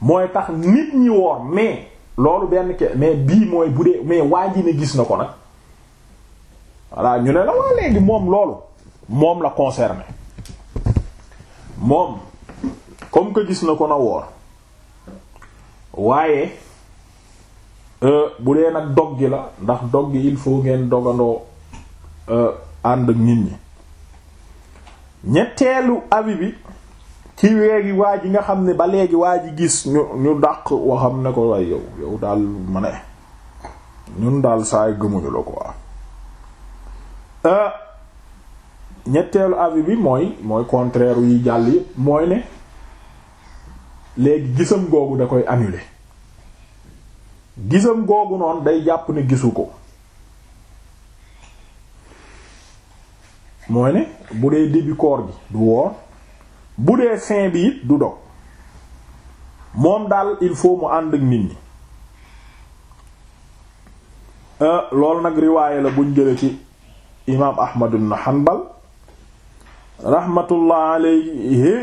mooy tax nit ñi woor mais loolu benn ke mais bii mooy bu dee mais waa ji ne gis na ko nag voilà ñu ne la waa léegi moom loolu moom la concerné moom comme que gis na ko na woor waaye euh, bu dee nag dog gi la ndax dog gi il faut ngeen dogandoo euh, ànd ak nit ñi ñetteelu abi bi ci weegi waa ji nga xam ne ba léegi waa ji gis ñu ñu dàq waxam ne ko waaye yow yow daal ma ne ñun daal saay gëmuñu la ko euh, ñetteelu avi bi mooy mooy contraire yi jàll yëpp mooy ne léegi gisam googu da koy annuler gisam googu noonu day jàpp ni gisu ko mooy ne bu dee début koor gi du woor bu dee fin bi du dog moom daal il faut mu ànd ak nit ñi euh, loolu nag riwaaye la buñ jële ci imaam Ahmad ibn Hanbal rahmatullah alayhi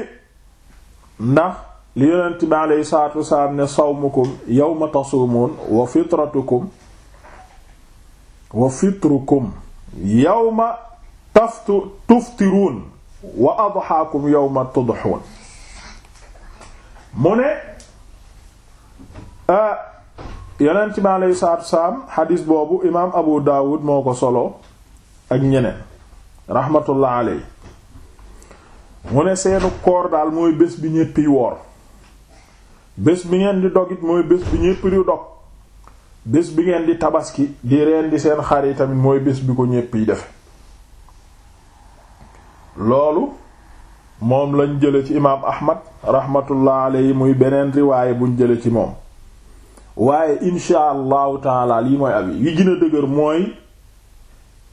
ndax li yonent bi alayhi salaatu wasalaam ne sawmukum yawma tasuumuun wa fitratukum wa fitrukum yawma taftu tuftiruun wa adhaakum yawma tudhuun mu ne ah, yonent bi alayhi salaatu wasalaam xadiis boobu imaam Abu Daawud moo ko solo ak ñeneen raxmatullah alayhi mu ne seenu koor daal mooy bés bi ñéppi woor bés bi ngeen di dog mooy bés bi ñépp di dog bés bi ngeen di tabaski di reen di seen xar yi tamit mooy bés bi ko ñépp yi defe loolu moom lañ jële ci imaam ahmad rahmatullah yi muy beneen riwaaye buñ jële ci moom waaye insha allahu taala lii mooy abi yi gën a dëgër mooy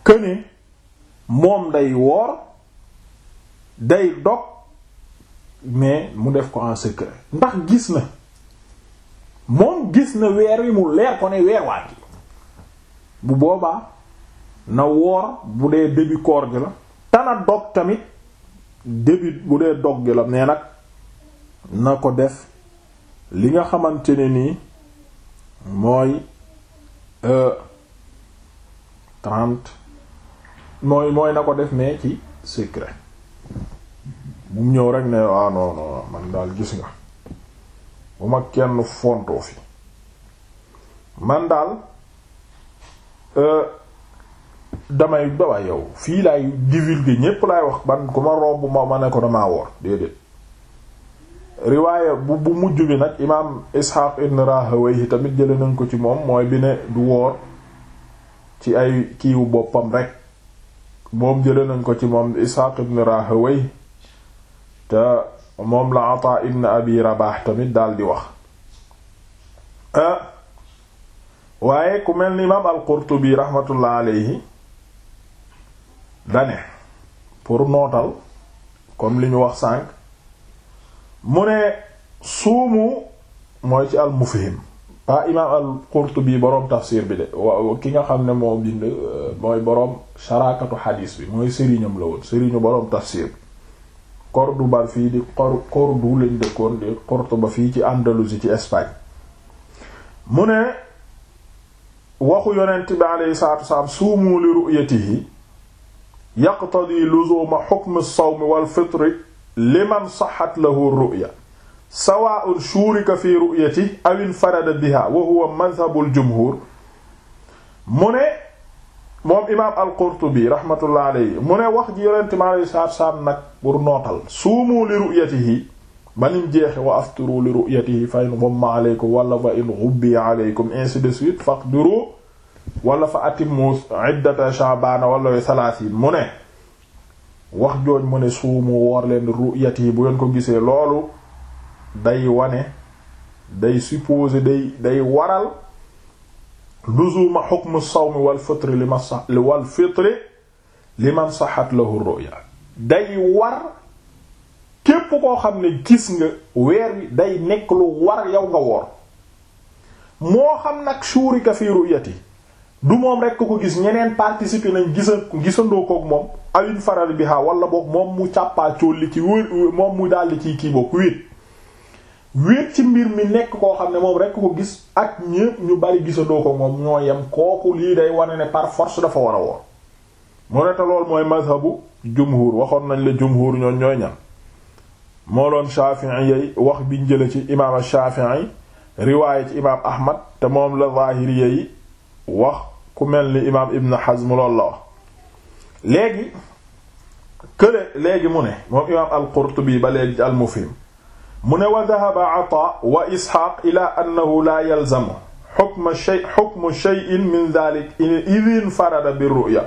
këne moom day woor day dog mais mu def ko en secret ndax gis na moom gis na weer wi mu leer ko ne weer waa ngi bu boobaa na woor bu dee début koor gi la tana dog tamit début bu dee dog gi la nee nag na ko def li nga xamante ne nii mooy euh, trente mooy mooy na ko def mais ci secret bu ñëw rek ne ah non man daal gis nga bu ma kenn fontoo fi man daal euh, damay ba yow fii laay divulguer ñépp laay wax ban ku ma romb ma ma ne ko damaa woor déedéet riwaaya bu bu mujj bi nag imaam Isxaaq ibn Rahawayhi tamit jële nañ ko ci moom mooy bi ne du woor ci ay kiiwu boppam rek moom jële nañ ko ci moom Isxaaq ibn Rahawayhi te moom la Ataa ibn Abi Rabaah tamit daal di wax ah, waaye ku mel ni imaam al-Qurtubi rahmatullah alayhi dane pour nootal comme li ñu wax sànq mu ne suumu mooy ci al-Mufhim ah imaam al-Qurtubi boroom tafsir bi de waaw ki nga xam ne moo bind euh, mooy boroom sharakatu xadiis bi mooy sëriñam la woon sëriñu boroom tafsir Cordoba fii di Cordoue lañ dëkkoon di Cordoba fii ci Andalousie ci Espagne mu ne waxu yonent bi alayhi salaatu wasalaam suumu li ru'yatihi yaqtadi luzuma hukm as-sawm wal fitr liman sahhat lahu ar-ru'ya sawaa'un shurika fi ru'yatihi aw infarada biha wa huwa madhhabu al-jumhur mu ne moom imaam al-Qurtubi rahmatullah alayhi mu ne wax ji yonente mi alayhi salaatu salaam nag pour nootal suumu li ru'yatihi ba nim jeexe wa afturu li ru'yatihi fa in ghumma aleykum wala fa in ghubbiya aleykum ainsi wala fa atimmu iddata sha'bana wala thalathin mu ne wax jooj mu ne suumu woor leen ru'yatihi bu ngeen ko gisee loolu day wane day supposé day day waral luzuma xukmu ma wal fitri li ma sa wal fitri li man saxat lahu ru'ya day war képp koo xam ne gis nga weer day nekk lu war yow nga woor moo xam nag suuri ka fi du moom rekk ko gis ñeneen participer nañ gisa gisandoo koog moom awin faral biha wala boog moom mu càppaa cóolli ci wóor moom mu daldi ciy kii boog wéet wéet ci mbir mi nekk koo xam ne moom rekk ko gis ak ñépp ñu bari gisandoo ko moom ñoo yem kooku lii day wane ne par force dafa war a woor mu neta lool mooy mazhabu jumhur waxoon nañ la jumhur ñoon ñooy ñan moo doon Shafi'i yey wax biñ jële ci imaam Shafi'i riwaaye ci imaam Ahmad te moom la Zahiri yi wax ku mel ni imaam Ibn Hazm lool la wax léegi kële léegi mu ne moom imaam al-Qurtubi ba léegi ci al-Mufhim mu ne wa dahaba ata wa isxaaq ila annahu la yalzamu xukma shay xukmu sheyin min dalik idin farada bi ruya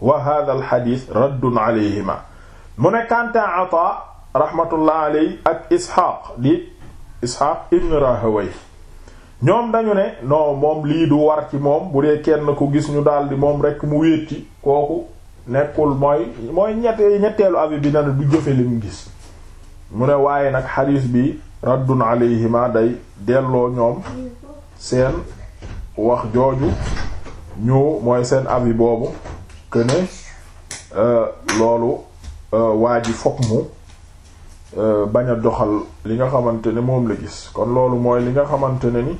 wa hada alxadis raddun mu ne kanta ata rahmatullah aley ak isxaaq di isxaaq ibn rahaway ñoom dañu ne non moom lii du war ci moom bu dee kenn ku gis ñu daldi moom rekk mu wéet ci kooku nekkul mooy mooy ñette ñetteelu avis bi na du jëfe li mu gis mu ne waaye nag xadiis bi raddun alayhima day delloo ñoom seen wax jooju ñu mooy seen avis boobu que ne euh, loolu euh, waa ji fokk mu euh, bañ a doxal li nga xamante ne moom la gis kon loolu mooy li nga xamante ne ni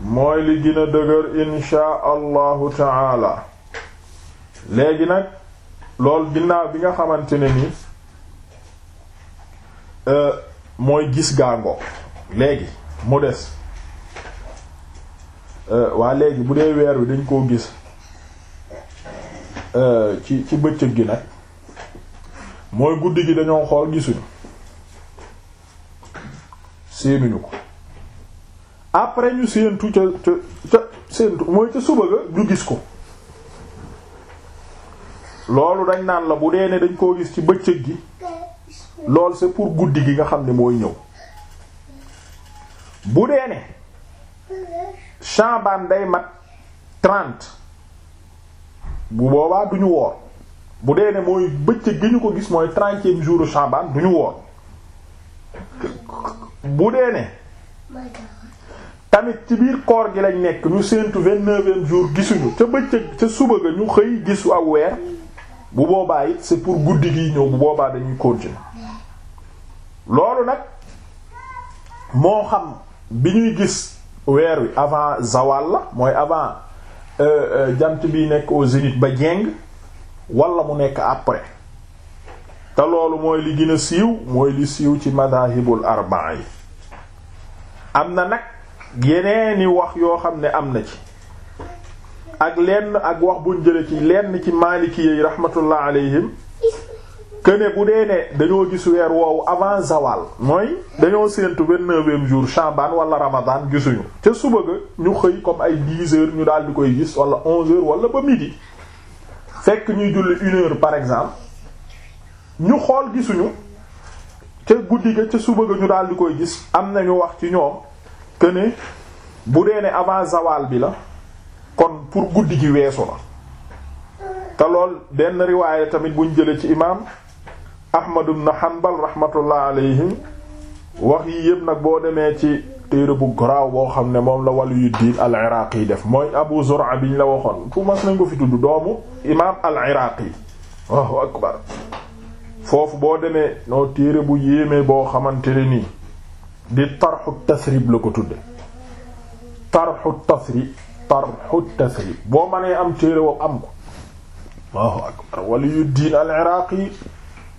mooy li gën a dëgër inshaa allahu taala léegi nag loolu ginnaaw bi nga xamante ne ni Euh, mooy gis gàngook léegi mu des euh, waa léegi bu dee weer wi dañ koo gis euh, ci ci bëccëg gi nag mooy guddi gi dañoo xool gisuñu séenuñu ko après ñu séentu ca ca ca séentu mooy ca suba ga ñu gis ko loolu dañ naan la bu dee ne dañ koo gis ci bëccëg gi loolu c'est pour guddi gi nga xam ne mooy ñëw bu dee ne Shaaban day mat trente bu boobaa duñu woor bu dee ne mooy bëccëg gi ñu ko gis mooy trentième jour Shaaban ñu woor bu dee ne tamit ci biir koor gi lañ nekk ñu séentu vingt-neuvième jour gisuñu ca bëccëg ca suba ga ñu xëy gisu aw weer bu boobaa it c'est pour guddi giy ñëw bu boobaa dañuy continuer loolu nag moo xam bi ñuy gis weer wi avant zawal la mooy avant euh, euh, jant bi nekk au ba jeng walla mu nekk après te loolu mooy li gën siiw mooy li siiw ci madahibul arba'a yi am na nag yeneeni wax yoo xam ne am na ci ak lenn ak wax buñ jële ci lenn ci maaliki yi rahmatullah alayhim këne bu dee ne dañoo gis weer woowu avant zawal mooy dañoo seentu vingt jour Chaban wala Ramadan gisuñu ca suba ga ñu xëy comme ay dix heures ñu daal di koy gis wala onze heures wala ba midi fekk ñuy julli une heure par exemple ñu xool gisuñu ca guddi ga ca suba ga ñu daal di koy gis am na nañu wax ci ñoom këne bu dee ne avant zawal bi la kon pour guddi gi weesu la te lool benn riwaaya tamit buñ jëlee ci imaam. Ahmad ibn Hanbal rahmatullah alayhim wax yi yëpp nag boo demee ci téere bu garaaw boo xam ne moom la waliyu diin al-Iraqi def mooy Abu Zur'a biñ la waxoon fu mas nañ ko fi tudd doomu imaam al-Iraqi waaw akbar foofu boo demee noo téere bu yéemee boo xamante ne nii di tarxu tasrib la ko tudde tarxu tasrib tarxu tasrib boo mënee am téere woowu am ko waaw akbar waliyu diin al-Iraqi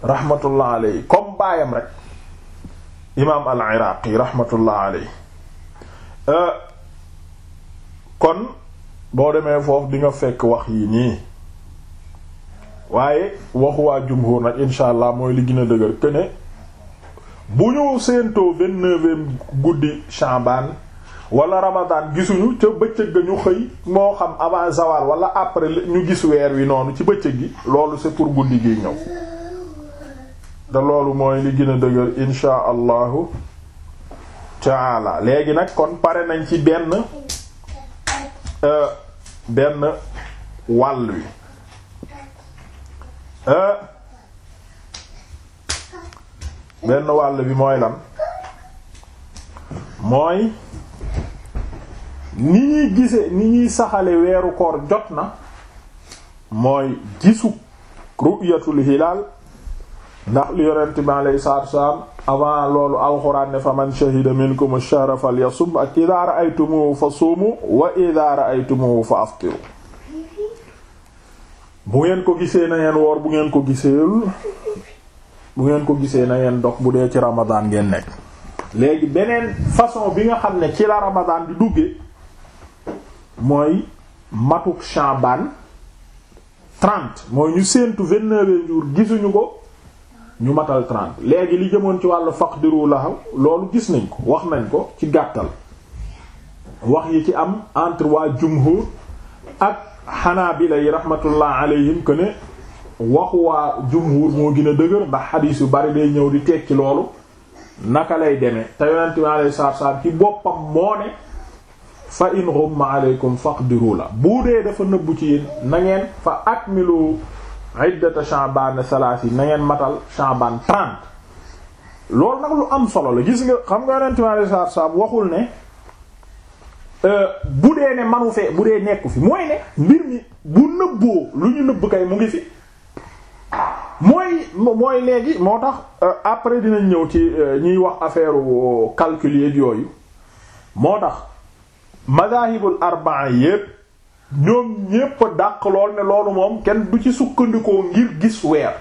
rahmatullah aleyhi comme baayam rek imaam al-Iraqi rahmatullah aleyhi kon boo demee foofu dinga fekk wax yi nii waaye waxu waa jumhur nag insha allah mooy li gën a dëgër que bu ñu séentoo vingt-neuvième guddi Sha'ban wala Ramadan gisuñu ca bëccëg ga ñu xëy moo xam avant zawal wala après ñu gis weer wi noonu ci bëccëg gi loolu c'est pour guddi gi ñëw da loolu mooy li gën a dëgër insha allahu taala léegi nag kon pare nañ ci benn euh, benn wàll bi euh, benn wàll bi mooy lan mooy ni ñuy gise ni ñuy saxale weeru koor jot na mooy gisu ru'yatul hilaal ndax li yonent bi alayhi salaatu avant loolu alxuraan ne fa man shahida minkum ash-shahra falyasum ak idhaa ra'aytumuhu fasuumu wa idhaa fa aftiru bu ngeen ko gisee na ngeen woor bu ngeen ko giseewul bu ngeen ko gisee na ngeen dox bu dee ci ramadaan ngeen nekk léegi beneen façon bi nga xam ne ci la ramadaan di dugge mooy matuk Sha'bâne 30 mooy ñu séentu vingt gisuñu ko ñu matal 30 léegi li jëmoon ci wàllu faqdiru lahu loolu gis nañ ko wax nañ ko ci gàttal wax yi ci am entre waa jumhur ak xanaabila yi rahmatullah alayhim que ne waxu waa jumhur moo gën dëgër ndax xadiis yu bari day ñëw di tekki loolu naka lay demee te yonent bi alayhi salaatu ci boppam moo ne fa in ghumma alaykum faqdiru la bu dee dafa nëbbu ci yéen na ngeen fa akmilu iddata Sha'ban salaasi na ngeen matal Sha'ban 30 loolu nag lu am solo la gis nga xam nga yonent mi waxul ne euh, bu dee ne manu fee bu dee nekku fi mooy ne mbir mi bu nëbboo lu ñu nëbb kay mu ngi fi mooy mooy léegi moo tax euh, après dinañ ñëw ci euh, ñuy wax affaire calcul yooyu moo tax madahibul arba'a yépp ñoom ñépp a dàq lool ne loolu moom kenn du ci sukkandikoo ngir gis weer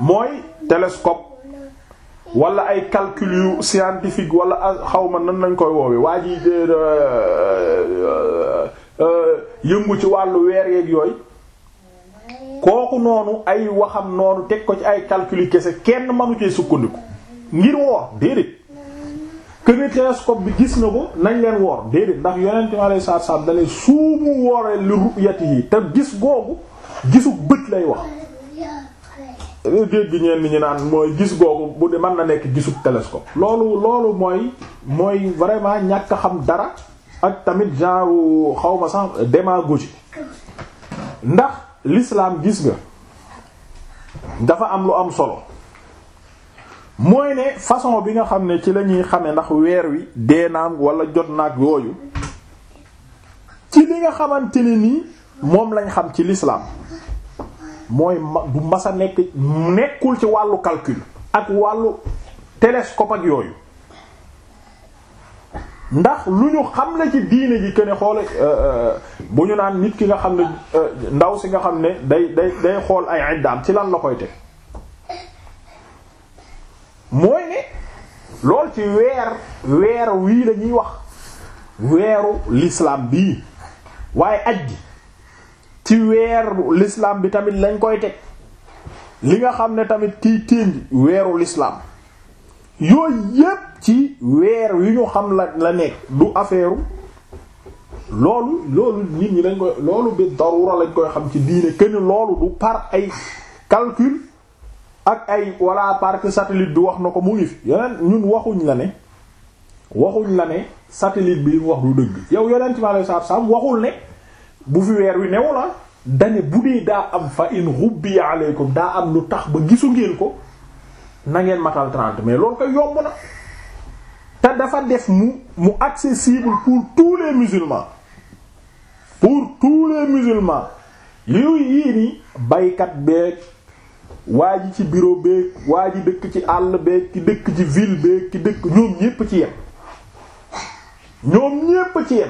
mooy télescope wala ay calcul yu scientifique wala xawma nan nañ koy woowe waa ji euh, euh, euh, yëngu ci wàllu weer yeeg yooyu kooku noonu ay waxam noonu teg ko ci ay calcul yi kese kenn mënu cee sukkandiku ngir woor déedéet këne télescope bi gis na ko nañ leen woor déedéet ndax yonent mi alayhi salaatu salaam dalee suumu wooree li yi te gis googu gisu bët lay wax dégg ñeen ñi naan mooy gis googu bu de mën na nekk gisu télescope loolu loolu mooy mooy vraiment ñàkk xam dara ak tamit genre xaw ma sax démagogie ndax lislaam gis nga dafa am lu am solo mooy ne façon bi nga xam ne ci la ñuy xamee ndax weer wi dee naam wala jot naag yooyu ci li nga xamante ne nii moom lañ xam ci lislaam mooy ma bu masa nekk nekkul ci wàllu calcul ak wàllu télescope ak yooyu ndax lu ñu xam la ci diine ji que ne xool euh, euh, bu ñu naan nit ki nga xam ne euh, ndaw si nga xam ne day day day xool ay iddaam ci lan la koy teg mooy ne lool ci weer weer wii lañuy wax weeru l'islam bii waaye aj gi ci weeru lislaam bi tamit lañ koy teg li nga xam ne tamit kiy ténj weeru l'islam yooyu yépp ci weer yu ñu xam la la nekk du affaire loolu loolu nit ñi dañ koy loolu bi darura lañ koy xam ci diine kenn loolu du par ay calcul ak ay wala partie satellite bi wax na ko mu ngi fi yeneen ñun waxuñ la ne waxuñ la ne satellite bi li wax du dëgg yow yeneen ci wàllu saabsaab waxul ne bu fi weer wi new la ah, dane bu dee daa am fa in rubbi alaykum daa am lu tax ba gisu ngeen ko na ngeen matal 30 mais loolu koy yomb na te dafa def mu mu accessible pour tous les musulmans pour tous les musulmans yooyu yii nii baykat beeg. waa ji ci bureau beeg waa ji dëkk ci àll beeg ki dëkk ci ville beeg ki dëkk ñoom ñépp ci yem ñoom ñépp ci yem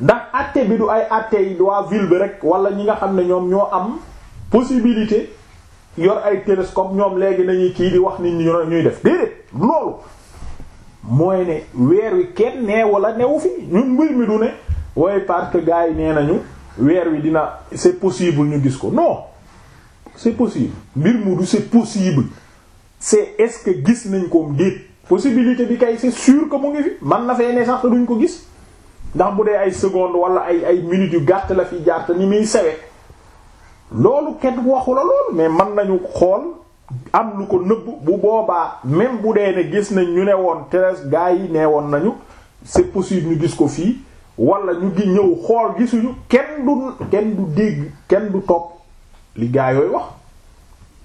ndax àtte bi du ay àtte yi waa ville bi rek wala ñi nga xam ne ñoom ñoo am possibilité yor ay télescope ñoom léegi nañu kii di wax nit ñi ñuy def déedéet loolu mooy ne weer wi kenn nee wala newu fi ñun mbir mi du ne waaye parce que gars yi nee nañu weer wi dina c'est possible ñu gis ko non c'est possible mbir mu du c'est possible c'est est-ce que gis nañ ko déet possibilité bi kay c'est sûr que mu ngi fi man na fee ne sax te duñ ko gis ndax mu dee ay seconde wala ay ay minutes yu gàtt la fi jaar te ni muy sewe loolu kenn waxu la loolu mais man nañu xool am lu ko nëbb bu boobaa même bu dee ne gis nañ ñu ne woon teres gaa yi nee woon nañu c'est possible ñu gis ko fii wala ñu ngi ñëw xool gisuñu kenn du kenn du dégg kenn du topp li yooyu wax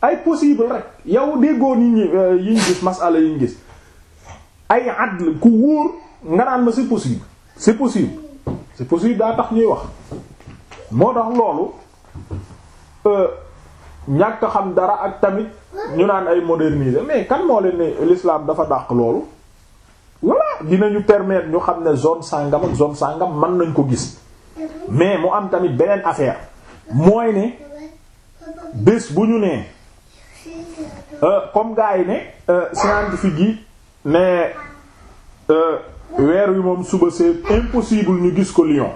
ay possible rek yow déggoo euh, yi ñi yiñ gis masala yiñ gis ay adl ku wóor nga naan ma c'est possible c'est possible c'est possible daa tax ñuy wax moo tax loolu euh, ñàkk xam dara ak tamit ñu naan ay moderniser mais kan moo leen ne dafa dàq loolu voilà dinañu permettre ñu xam ne zone sàngam ak zone sàngam man nañ ko gis mais mu am tamit beneen affaire mooy ne bés bu ñu nee euh, comme gars yi ne euh, scientifique yi ne euh, weer wi moom suba c'est impossible ñu gis ko Lyon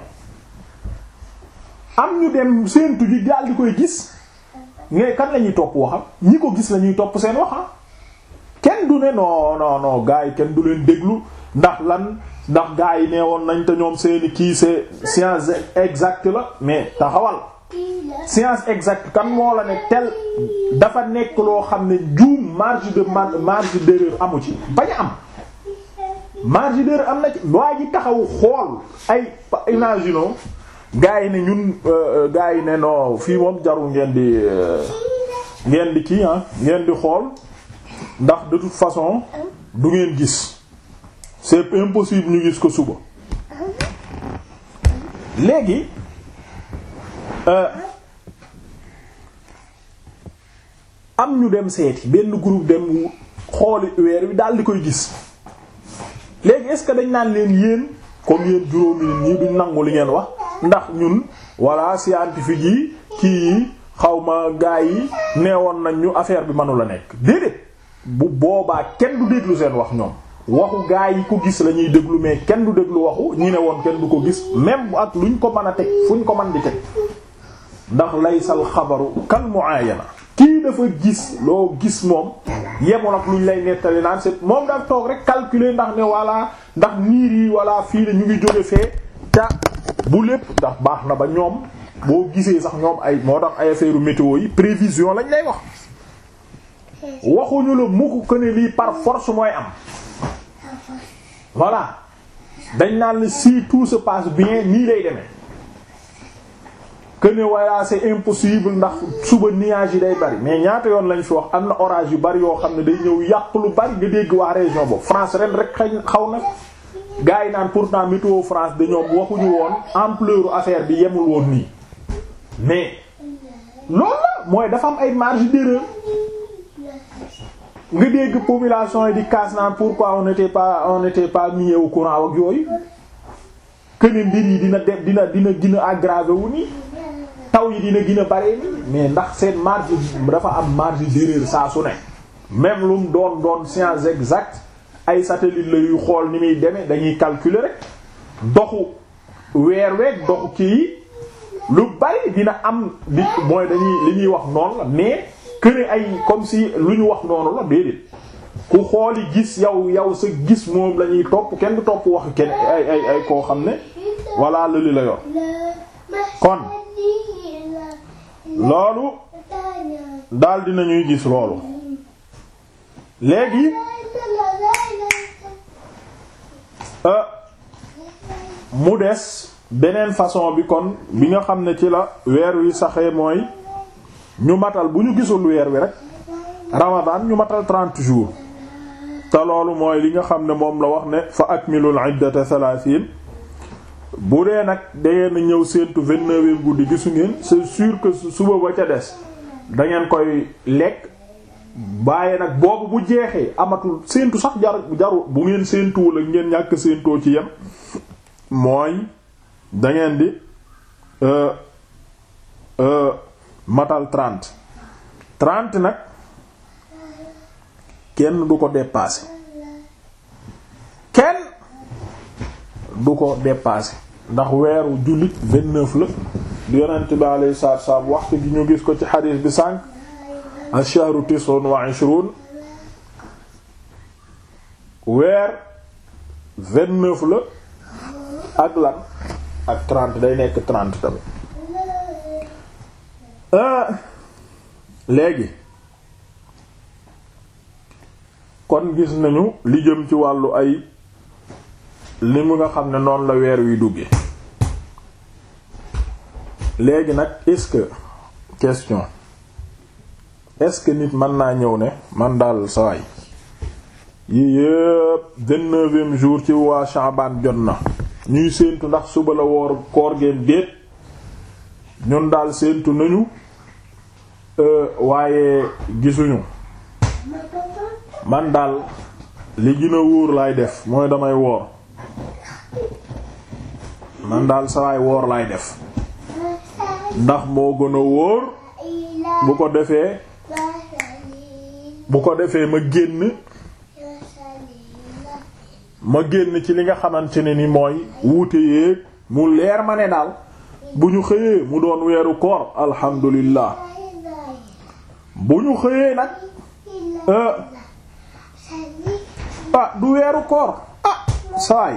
am ñu dem séentu ji daal di koy gis mais kan la ñuy topp waxam ñi ko gis la ñuy topp seen waxam ah. kenn du ne non non non gars yi kenn du leen déglu ndax lan ndax gars yi nee woon nañ te ñoom seeni kii c'est science exacte la mais taxawal science exact kan moo la ne tel dafa nekk loo xam ne juum marge de marge d'erreur amu ci bañ am marge d'erreur am na ci waa ji taxaw xool ay imaginons gars yi ne ñun euh, euh, gaa yi ne non fii moom jarul ngeen di euh, ngeen di kii ah, ngeen di xool ndax de toute façon du ngeen gis c'est impossible ñu gis ko suba léegi. Euh, am ñu dem seeti benn groupe dem xooli weer wi daal di koy gis léegi est-ce que dañ naan leen yéen comme yéen juróomi nit ñi nangu li ngeen wax ndax ñun voilà scientifique yi kii yi xaw ma gaa yi neewoon nañ ñu affaire bi mënu la nekk déedéet bu boobaa kenn du déglu seen wax ñoom waxu gaa yi ko gis lañuy déglu mais kenn du déglu waxu ñu ne woon kenn du ko gis même bu ak luñ ko mën a teg fuñ ko mën di teg ndax lay sal xabaru kan muayana kii dafa gis loo gis moom yemul ak luñ lay nettali naan c'est moom daal toog rek calculer ndax ne voilà ndax niir yi voilà fii la ñu ngi jóge fee ta bu lépp ndax baax na ba ñoom boo gisee sax ñoom ay moo tax ay affaire météo yi prévision lañ lay wax waxuñu la mukk que ne lii par force mooy am voilà dañ naan la si tout se passe bien nii lay demee que ne voilà c'est impossible ndax suba nuages yi day bari mais ñaata yoon lañ fi am na orage yu bari yoo xam ne day ñëw yàq lu bari nga dégg waa région boobu France ren rek xaw na gars yi pour pourtant météo France dañoo waxuñu woon ampleur affaire bi yemul woon nii mais loolu la mooy dafa am ay marge d'erreur nga dégg population yi di casse naan pourquoi on n'était pas on n'était pas mis au courant ak yooyu que ne yi dina de dina dina dina aggravé wu nii. taw yi dina gën a bare ni mais ndax seen marge dafa am marge d'erreur saa su ne même lu mu doon doon science exacte ay satellite la xool ni muy demee dañuy calculer rek doxu weer weeg doxu kii lu bari dina am di mooy dañuy li ñuy wax noonu la mais këre ay comme si lu ñu wax noonu la déedéet ku xooli gis yow yow sa gis moom lañuy ñuy topp kenn du topp wax kenn ay ay koo xam ne walla lëli la yor kon loolu daldi nañuy gis loolu léegi euh, mu des beneen façon bi kon bi nga xam ne ci la weer wi saxe mooy ñu matal bu ñu gisul weer wi rek ramadaan ñu matal 30 jours te loolu mooy li nga xam ne moom la wax ne fa ak akmilul iddata thalathin bu dee nag dangeen ñëw seentu vingt-neuvième guddi gisu ngeen c'est sûr que suba ba ca des da ngeen koy lekk bàyyi nag boobu bu jeexee amatul séentu sax jar jaru bu ngeen séentuwul ak ngeen ñàkk séentoo ci yem mooy dangeen di euh, euh, matal trente trente nag kenn du ko dépasser kenn du ko dépasser ndax weeru jullit vingt-neuf la du yonent bi alayhi salaatu waxtu gi ñu gis ko ci xadiis bi sànq ash-shahru tis'un wa ishrun weer vingt-neuf la ak lan ak trente day nekk trente tamit euh, léegi kon gis nañu li jëm ci wàllu ay li mu nga xam ne noonu la weer wi dugge léegi nag est-ce que question est-ce nit mën naa ñëw ne man daal sawaay yii yëpp dix-neuvième jour ci waa Shaaban jot na ñuy séentu ndax suba la woor koor geen déet ñun daal séentu nañu euh, waaye gisuñu man daal li gën a wóor laay def mooy damay woor man daal sawaay woor laay def ndax moo gën a wóor bu ko defee bu ko defee ma génn ma génn ci li nga xamante ne ni mooy wuute yéeg mu leer ma ne daal bu ñu xëyee mu doon weeru koor alhamdulillah bu ñu xëyee nag euh, ah du weeru koor ah saay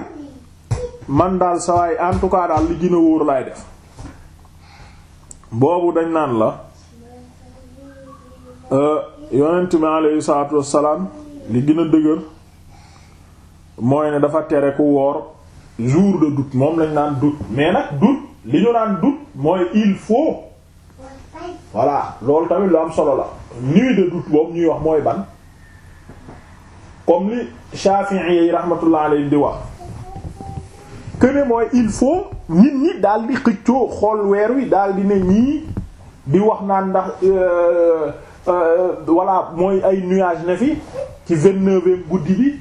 man daal sawaay en tout cas daal li gën a wóor laay def boobu dañ naan la euh, yonent bi aleyhi wassalaam li gën a dëgër mooy ne dafa tere ku woor jour de doute moom lañ naan doute mais nag doute li ñu naan doute mooy il faut voilà loolu tamit lu am solo la nuit de doute boobu ñuy wax mooy ban comme li Shafi'i yi rahmatullah alayhi di wax que ne mooy il faut nit ñi daal di xëccoo xool weer wi daal di ne ñii di wax naan ndax euh, euh, voilà mooy ay nuages ne fi ci vingt-neuvième guddi bi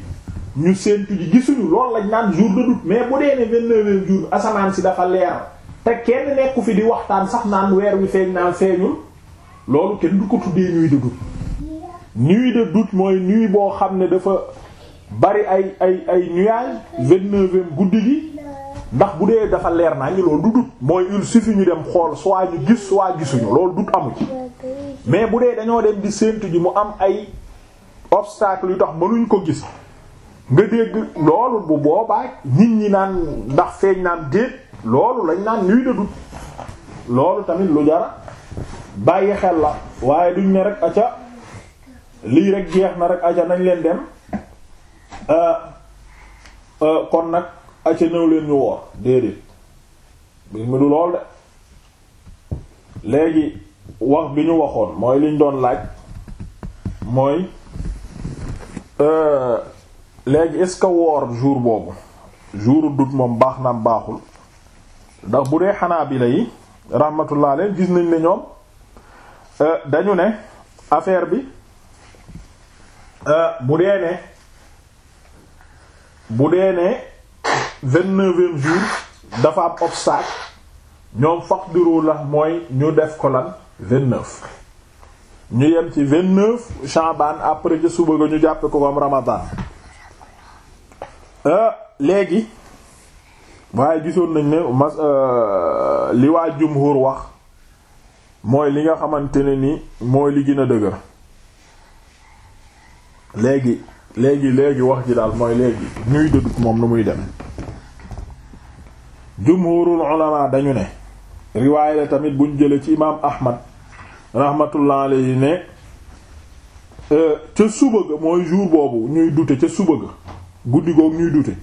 ñu séentu ji gisuñu lool lañ naan jour de doute mais bu dee ne vingt-neuvième jour asamaan si dafa leer te kenn nekku fi di waxtaan sax naan weer wi feeñ naan feeñul loolu kenn du ko tuddee nuit de doute nuit de doute mooy nuit boo xam ne dafa. bari ay ay ay nuages vingt-neuvième guddi gi ndax bu dee dafa leer naa ñu loolu du dut mooy il suffit ñu dem xool soit ñu gis soit gisuñu loolu dut amu ci mais bu dee dañoo dem di séentu ji mu am ay obstacle yu tax mënuñ ko gis nga dégg loolu bu boobaa nit ñi naan ndax feeñ naan déet loolu lañ naan nuy de doute loolu tamit lu jara bàyyi xel la waaye duñ ne rek aca lii rek jeex na rek aca nañ leen dem Euh, euh, kon nag aca ñëw leen ñu woor déedéet mbir mi du lool de léegi wax bi ñu waxoon mooy liñ doon laaj mooy euh, léegi est-ce que woor jour boobu jour dut moom baax na baaxul ndax bu dee Hanabila yi rahmatullah alayhi gis nañ ne ñoom dañu ne affaire bi bu dee ne bu dee ne vingt-neuvième jour dafa am obstacle ñoom faqdiru la mooy ñu def ko lan vingt ñu yem ci vingt-neuf Sha'ban après ca suba nga ñu jàppe ko comme Ramadan euh, léegi waaye gisoon nañ ne mas euh, li waa jumhur wax mooy li nga xamante ne ni mooy li gën a dëgër léegi léegi léegi wax ji daal mooy léegi nuy dëddu moom nu muy dem jumhurul ulama dañu ne riwaay la tamit buñ jëlee ci imaam ahmad rahmatullah alayhi ne euh, ca suba ga mooy jour boobu ñuy dute ca suba ga guddi googu ñuy dute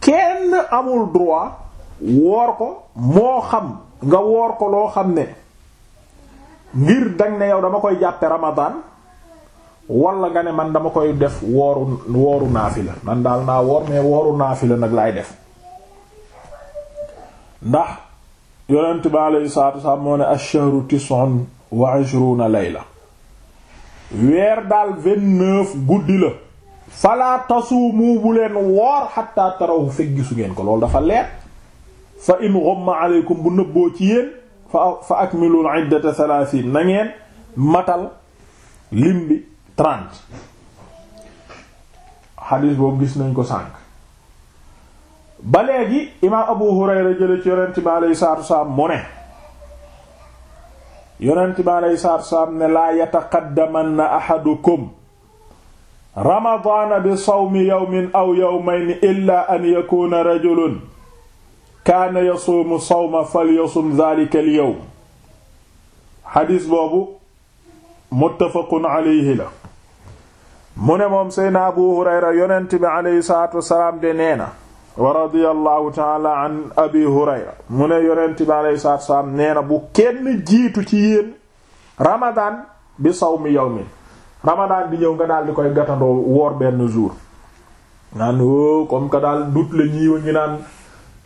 kenn amul droit woor ko moo xam nga woor ko loo xam ne ngir dang ne yow dama koy jàppe ramadan wala nga ne man dama koy def wooru naafila man daal naa woor mais wooru naafila nag laay def ndax yonent bi alayhi salaatu wasalaam moo ne shahru tis'un wa layla weer daal vingt-neuf guddi la falaa tasuumu bu leen woor xatta tarawu fekk gisu ngeen ko loolu dafa leer fa in ghumma aleykum bu nëbboo ci yéen fa fa akmilul iddata thalathin na matal lim trente xadiis boobu gis ko sànq ba léegi imaam Abu Hurayra jële ci yonent bi alayhi salaatu wassalaam mu ne yonent bi alayhi salaatu wassalaam ne laa yataqaddamanna ahadukum ramadaana bi sawmi mu ne moom Seydina Abu Hurayra yonent bi aleyhi salaatu wasalaam de nee na wa radiyallahu taala an abi Hurayra mu ne yonent bi aleyhi salaatu wasalaam nee na bu kenn jiitu ci yéen Ramadan bi sawmi yawmin Ramadan di ñëw nga daal di koy gatandoo woor benn jour naan o oh, comme que daal dut la ñiiwa naan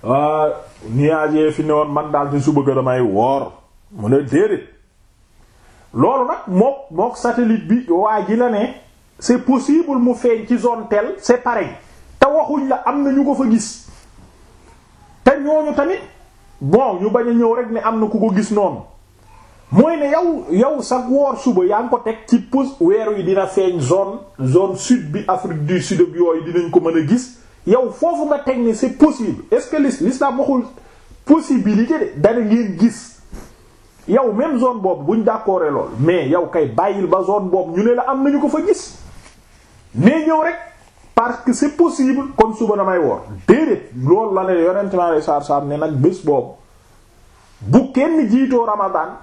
waa ah, nuage fi ne woon man daal ci suba ga damay woor mu ne déedéet loolu nag mook mook satellite bi waa ji la ne c'est possible mu feeñ ci zone tell c'est pareil te waxuñ la am na ñu ko fa gis te ñooñu tamit bon ñu bañ a ñëw rek ni am na ku ko gis noonu mooy ne yow yow sa woor suba yaa ngi ko teg ci pos weeru yi dina feeñ zone zone sud bi Afrique du Sud ak yooyu dinañ ko mën a gis yow foofu nga teg ne c'est possible est-ce que l'islam waxul possibilité de dana ngeen gis yow même zone boobu buñ d'accordé lool mais yow kay bàyyil ba zone boobu ñu ne la am nañu ko fa gis mais ñëw rek parce que c'est possible kon suba damay woor déedéet loolu la ne yonent ma lay saar saar nag bés boobu bu kenn jiitoo Ramadan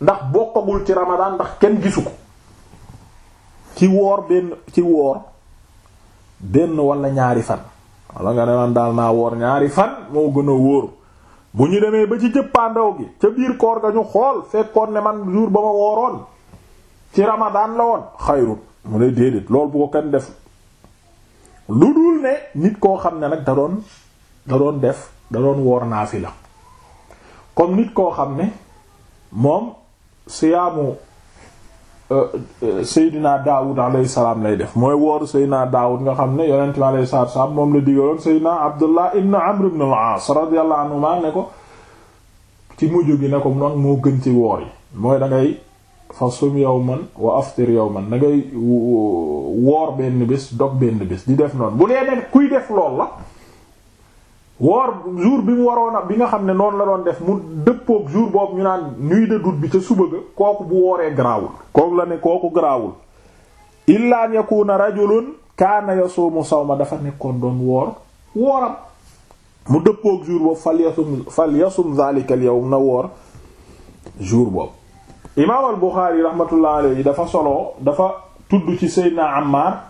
ndax bokkagul ci Ramadan ndax kenn gisu ko ci woor benn ci woor benn wala ñaari fan wala nga ne man daal naa woor ñaari fan moo gën a wóor bu ñu demee ba ci jëppaandaw gi ca biir koor ga ñu xool fekkoon ne man jour ba ma wooroon ci ramadaan la woon xayrut mu ne déedéet loolu bu ko kenn def lu dul ne nit koo xam ne nag da doon da doon def da doon woor naafila comme nit koo xam ne moom siyaamu euh, euh, Seydina Daawud alayhi salaam lay def mooy wooru Seydina Daawud nga xam ne yonent bi alayhi salaam moom la digaloon Seydina Abdullah ibn Amr ibn al-Aas radiyallahu anhu maa ne ko ci mujj gi ne ko nag moo gën ci woor yi mooy da fa sum man wa aftir yawman da ngay woor benn bés dog benn bés di def noonu bu dee ne kuy def lool la woor jour bi mu waroon a bi nga xam ne noonu la doon def mu dëppook jour boobu ñu naan nuit de bi ca suba ga kooku bu wooree garaawul kooku la ne kooku garaawul illa an yakuna rajulun kaana yasuumu sawma dafa nekkoon doon woor wooram mu dëppook jour boobu fal yasum fal yasum zaalikal yawm na woor jour boobu imaam al Buxaari rahmatullah alayhi dafa solo dafa tudd ci Seydina Ammar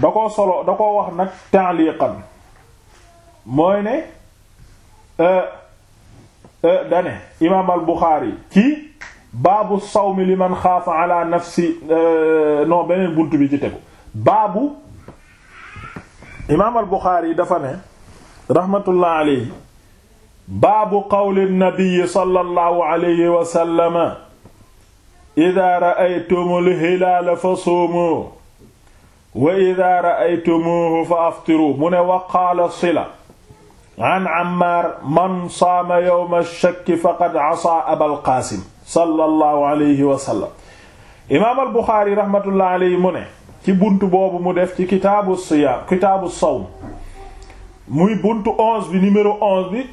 da koo solo da wax nag ta'liqan mooy ne euh, euh, dane imaam al Buxaari ci baabu li man xaafa ala nafsi euh, non beneen bunt imaam al Buxaari dafa ne rahmatullah alayhi baabu qawli nabi sallallahu alayhi wa ida ra'aytumul hilaala fa soomoo wa ida ra'aytumuuhu fa aftiru mu ne waqaala sila an ammaar man saama yowma shakki faqad asaa abal qaasim sallallahu alayhi wa sallam imaam al buxaari rahmatullah alayhi mu ne ci bunt boobu mu def ci kitaabu siyaam kitaabu sawm muy buntu onze bi numéro onze bi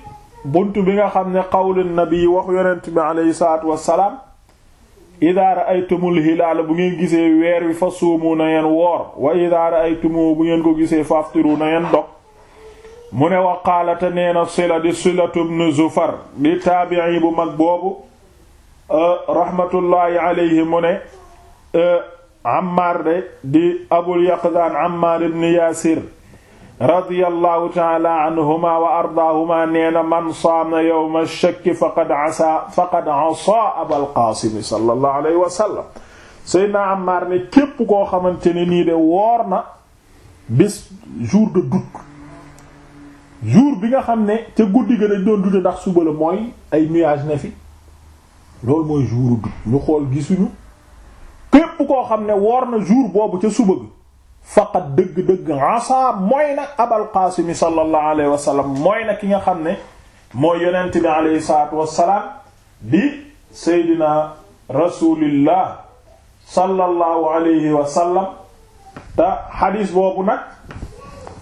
bunt bi nga xam ne qawlu nabi wax yonent bi alayhi salaatu wassalaam idaa ra'aytumul hilaala bu ngeen gisee weer wi fa suumu na ngeen woor wa idaa ra'aytumu bu ngeen ko gisee faftiru na ngeen dog mu ne wa qaalata nee na sila di silatu ibn zufar di taabi'i bu mag boobu euh, rahmatullahi alayhi mu ne euh, ammaar de di abul yaqdaan ammaar ibn yaasir radiyallahu taala anhuma wa ardaahuma nee na man saama yawma shakki faqad asa faqad asa abal qaasim sallallahu alayhi wa sallam Seydina Ammaar ne képp koo xamante ne nii de woor na bés jour de doute jour bi nga xam ne ca guddi ga dañ doon dute ndax suba la mooy ay nuage ne fi loolu mooy jour doute ñu xool gisuñu képp koo xam ne woor na jour boobu ca suba ga faqat dëgg-dëgg asa mooy na abal qaasimi sallallahu alayhi wa sallam mooy nag ki nga xam ne mooy yonent bi alayhi salaatu wassalaam di seydina rasulillah sallallahu alayhi wa sallam te boobu nag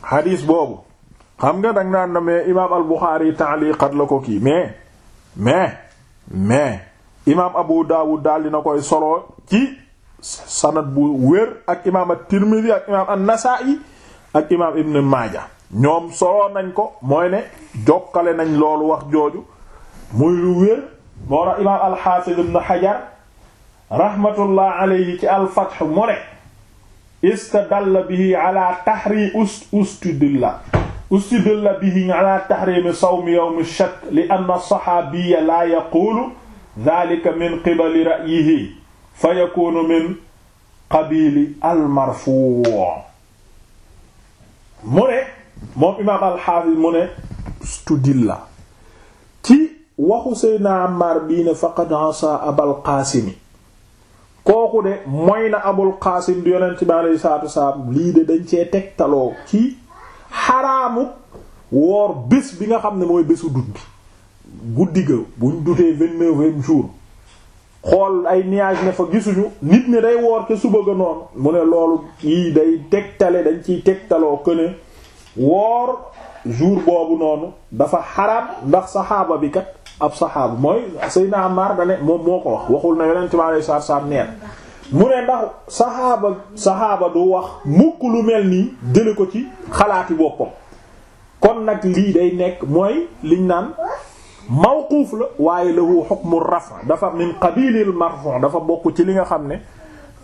xadis boobu xam nga dang naan na mais imaam al Buxaari taaliqat la ko kii mais mais mais imaam Abu Dawud daal dina koy solo ci sanad bu wér ak imaam at-Tirmidhi ak imaam an-Nasa'i ak imaam Ibn Maaja ñoom solo nañ ko mooy jokkale nañ lool wax jooju muy lu wér moo tax al-Hafiz Ibn Hajar rahmatullah alayhi ci al-Fath mu ne istadalla bihi ala tahri ustidilla ustidilla bihi ala tahrimi sawmi yawmi shakk li anna sahaabiyya la yaqulu min qibali ra'yihi fa yakunu min qabili almarfuu mu ne moom imaam alxaafis mu ne studilla ci waxu seydna Ammaar bii ne faqad asa abal qaasimi kooku de mooy na abul qaasim di yonent bi aleyhi salaatu wasalaam lii de dañ cee tegtaloo ci xaraamu woor bés bi nga xam ne mooy bésu dut bi guddi ga buñ dutee vingt-neuvième jour xool ay nuage ne fa gisuñu nit ne day woor ca suba ga noonu mu ne loolu yii day tegtale dañ ciy tegtaloo que woor jour boobu noonu dafa xaraam ndax saxaaba bi kat ab saxaaba mooy Seydina Ammar da ne moom moo ko wax waxul na Yonent bi sallallahu alayhi wasallam neen mu ne ndax saxaaba saxaaba du wax mukk lu mel nii jële ko ci xalaati boppam kon nag lii day nekk mooy liñ naan mawquuf la waaye lahu hukmu raf' dafa min qabilil marfu' dafa bokk ci li nga xam ne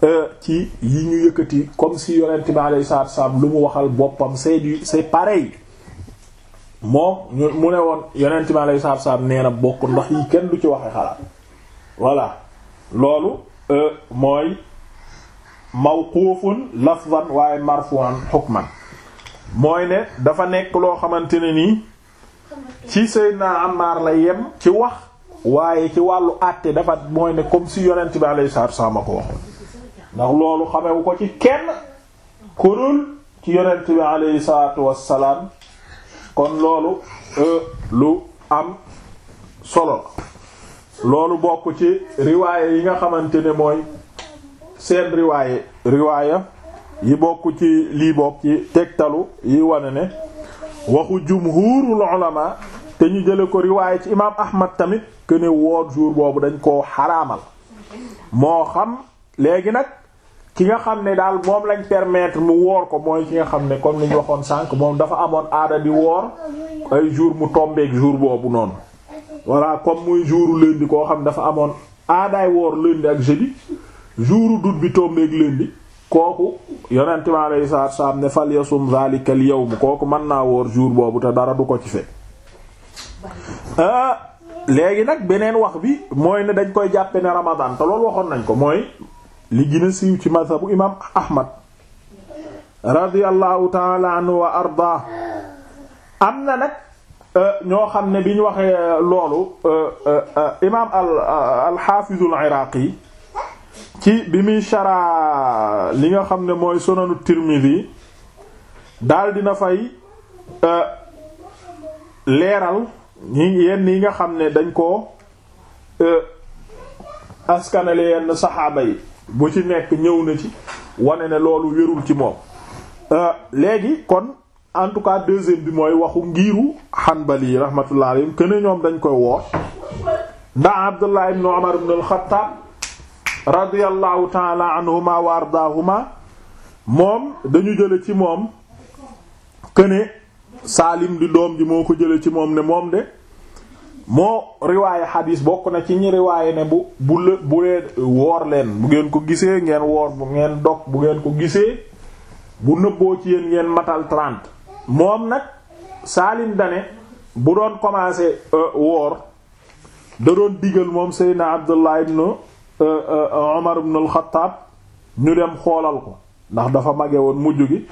euh, ci yi ñu yëkkati comme si yonent bi alayhi salaatu wasallam lu mu waxal boppam c'est du c'est pareil moom mu ne woon yonent bi alayhi salaatu wasallam nee na bokk ndox yi kenn du ci waxe xalaat voilà loolu euh, mooy mawquufun lafzan waaye marfu'an hukman mooy ne dafa nekk loo xamante ne nii ci Seydina Ammar la yem ci wax waaye ci wàllu àtte dafa mooy ne comme si yonent bi alayhi salaatu wasallam a ko waxoon ndax loolu xamewu ko ci kenn kurul ci yonent bi alayhi salaatu wassalaam kon loolu euh, lu am solo loolu bokk ci riwaaye yi nga xamante ne mooy seen riwaaye riwaaya yi bokk ci lii bokk ci tegtalu yi wane ne waxu jumhurul ulama te ñu jële ko riwaaye ci imaam ahmad tamit que ne woor jour boobu dañ koo xaraamal moo xam léegi nag ki nga xam ne daal moom lañ permettre mu woor ko mooy ki nga xam ne comme ni waxoon sànq moom dafa amoon aada di woor jour mu tombeek jour boobu noonu voilà comme muy jour lundi koo xam dafa amoon aadaay woor lundi ak jeudi jour dut bi tombeek lundi kooku yonent bi alayhi salaatu salaam ne fal yasum zaalika al kooku mën naa woor jour boobu te dara du ko ci fekk ah, léegi nag beneen wax bi mooy ne dañ koy jàppe ne Ramadan te loolu waxoon nañ ko mooy li gën a siiw ci mazhabu imaam Ahmad radiyallahu taala anhu wa ardaa am na nag eh, ñoo xam ne bi ñu waxee eh, loolu eh, imaam al al xaafizul ci bi muy sharaa li nga xam ne mooy sunanu Tirmidhi daal dina fay euh, leeral ñi yenn yi nga xam ne dañ ko euh, askanale yenn saxaaba yi bu ci nekk ñëw na ci wane ne loolu wérul ci moom euh, léegi kon en tout cas deuxième bi mooy waxu ngiiru Hanbali rahmatullah alayhim kën ñoom dañ koy woor ndax Abdullah ibn Umar ibn al radiyallahu taala anhuma wa ardaahuma moom dañu jële ci moom këne saalim di doom ji moo ko jële ci moom ne moom de moo riwaaye xadiis bokk na ci ñi riwaaye ne bu bu lë bu leen woor leen bu ngeen ko gisee ngeen woor bu ngeen dog bu ngeen ko gisee bu nëbboo ci yéen ngeen matal 30 moom nag saalim dane bu doon commencé euh, woor da doon digal moom Seydina Abdullah ibn Euh, euh, euh, Omar ibn al ñu dem xoolal ko ndax dafa mage woon mujj gi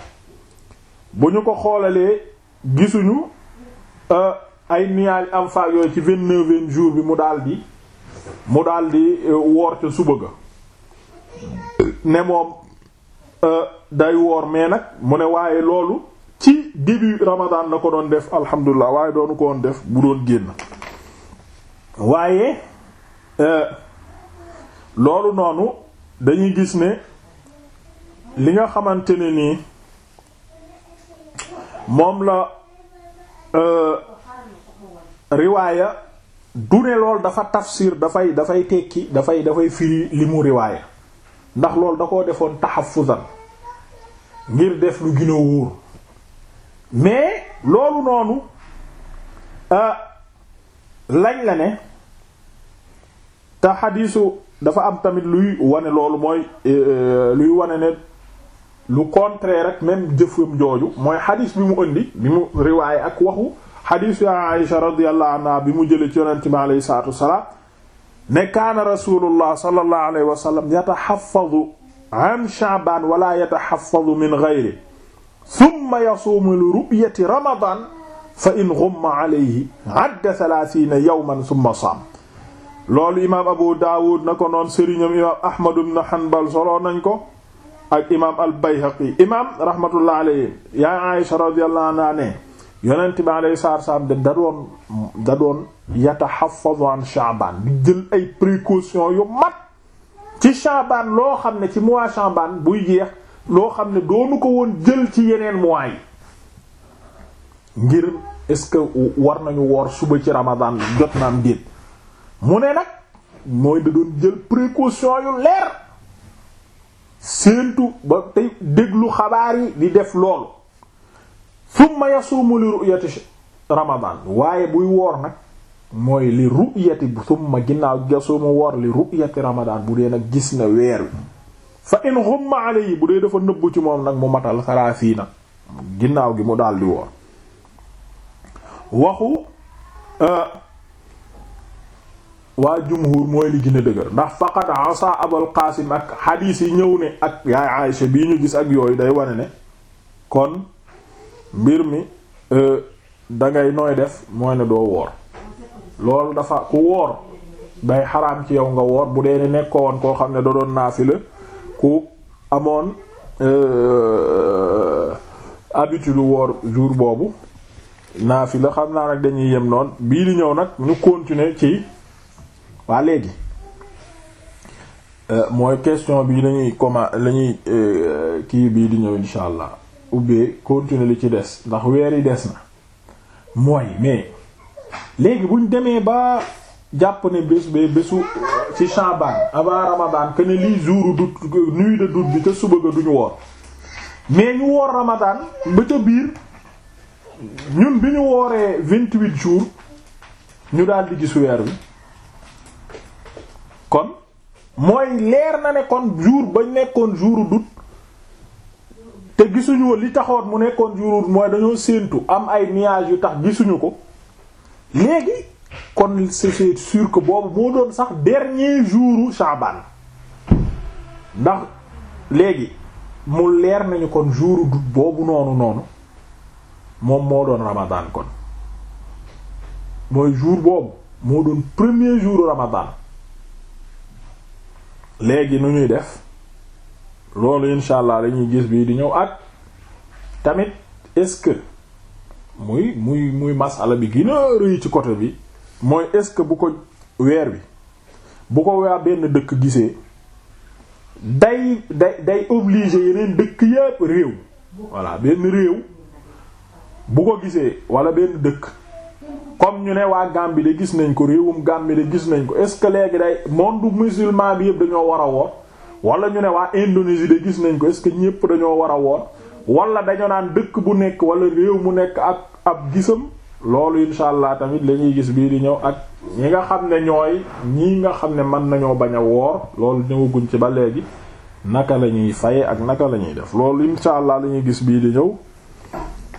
bu ñu ko xoolalee gisuñu ay niyaal am fa yooyu ci vingt-neuvième jour bi mu daldi mu daldi woor ca suba ga ne moom day woor mais nag mu ne waaye loolu ci début Ramadan la ko doon def alhamdulilah waaye doonu ko def bu doon génn waaye. loolu noonu dañuy gis ne li nga xamante ne nii moom la euh, riwaaya du ne lool dafa tafsir dafay dafay tekki dafay dafay firi li mu riwaaya ndax loolu da koo defoon taxafuzan ngir def lu gën a mais loolu noonu euh, lañ la ne te dafa am tamit luy wane loolu mooy euh, euh, luy wane ne lu contraire rek même jëfam jooju mooy xadis bi mu indi bi mu riwaayé ak waxu xadis ya Aïsha radiyallahu anha bi mu jële ci yonente bi alayhi salaatu wassalaam ne kaana rasulullah sallallahu alayhi wa sallam yataxafadu an Sha'ban wala yataxafadu min gayri thumma yasuumu li ru'yati ramadan fa in ghumma alayhi adda thalaathiina yawman thumma saam loolu imaam abu daawud na ko noon sëriñam imaam ahmad ibn hanbal solo nañ ko ak imaam al bayhaqi imaam rahmatullah alayhi yaa aisha radiyallahu anha ne yonent bi alayhi salaatu salaam da doon da doon yatahafazu an jël ay précaution yu mat ci sha'ban loo xam ne ci mois sha'ban buy jeex loo xam ne doonu ko woon jël ci yeneen mois yi ngir est-ce que war nañu woor suba ci ramadan jot naam déet mu ne nag mooy da doon jël précaution yu leer séentu ba tey déglu xabaar yi di def loolu summa yasuumu li ru'yati ramadan waaye buy woor nag mooy li ru'yati summa ginnaaw yasuumu woor li ru'yati ramadan bu dee nag gis na weer wi fa in ghumma alayhi bu dee dafa nëbbu ci moom nag mu matal na ginnaaw gi mu daldi woor waxu euh, waa jumhur mooy li gën a dëgër ndax faqat asa abul qaasim ak xadiis yi ñëw ne ak yaay Aysa bii ñu gis ak yooyu day wane ne kon mbir mi euh, dangay nooy def mooy ne doo woor loolu dafa ku woor day xaraam ci yow nga woor bu dee ni nekkoo woon koo xam ne da doon naafila ku amoon euh, habitude woor jour boobu naafila xam naa nag dañuy yem noonu bii di ñëw nag ñu continuer ci waa léegi euh, mooy question bi lañuy comment lañuy euh, kii bii di ñëw insha allah ubbee continuer li ci des ndax weer yi des na mooy mais léegi buñ demee ba jàpp ne bés ba bésu euh, ci Shaban avant Ramadan que ne jour du nuit de bi te suba ga duñu woor mais ñu woor Ramadan ba ca biir ñun bi ñu wooree vingt-huit jour ñu daal di gis weer bi kon mooy leer na ne kon jour bañ nekkoon jouru dut te gisuñu woon li taxoon mu nekkoon jouru dut mooy dañoo séentu am ay nuages yu tax gisuñu ko léegi kon c'est sûr que boobu moo doon sax dernier jouru Shaaban ndax léegi mu leer nañu kon jouru dut boobu noonu noonu moom moo doon Ramadan kon mooy jour boobu moo doon premier jouru Ramadan léegi nu ñuy def loolu incha allah dañuy gis bii di ñëw ak tamit est-ce que muy muy muy masala bi gën a rëy ci côté bi mooy est-ce que bu ko weer bi bu ko waa benn dëkk gisee day day day obligé yeneen dëkk yépp réew voilà benn réew bu ko gisee wala benn dëkk comme ñu ne waa Gambie de gis nañ ko réewum Gambie de gis nañ ko est ce que léegi day monde musulman bi yëpp dañoo war a woor wala ñu ne waa Indonésie de gis nañ ko est ce que ñëpp dañoo war a woor wala dañoo naan dëkk bu nekk wala réew mu nekk ak ab gisam loolu insha allah tamit lañuy gis bii di ñëw ak ñi nga xam ne ñooy ñi nga xam ne mën nañoo bañ a woor loolu ñëwaguñ ci ba léegi naka la ñuy faye ak naka la ñuy def loolu insha allah lañuy gis bii di ñëw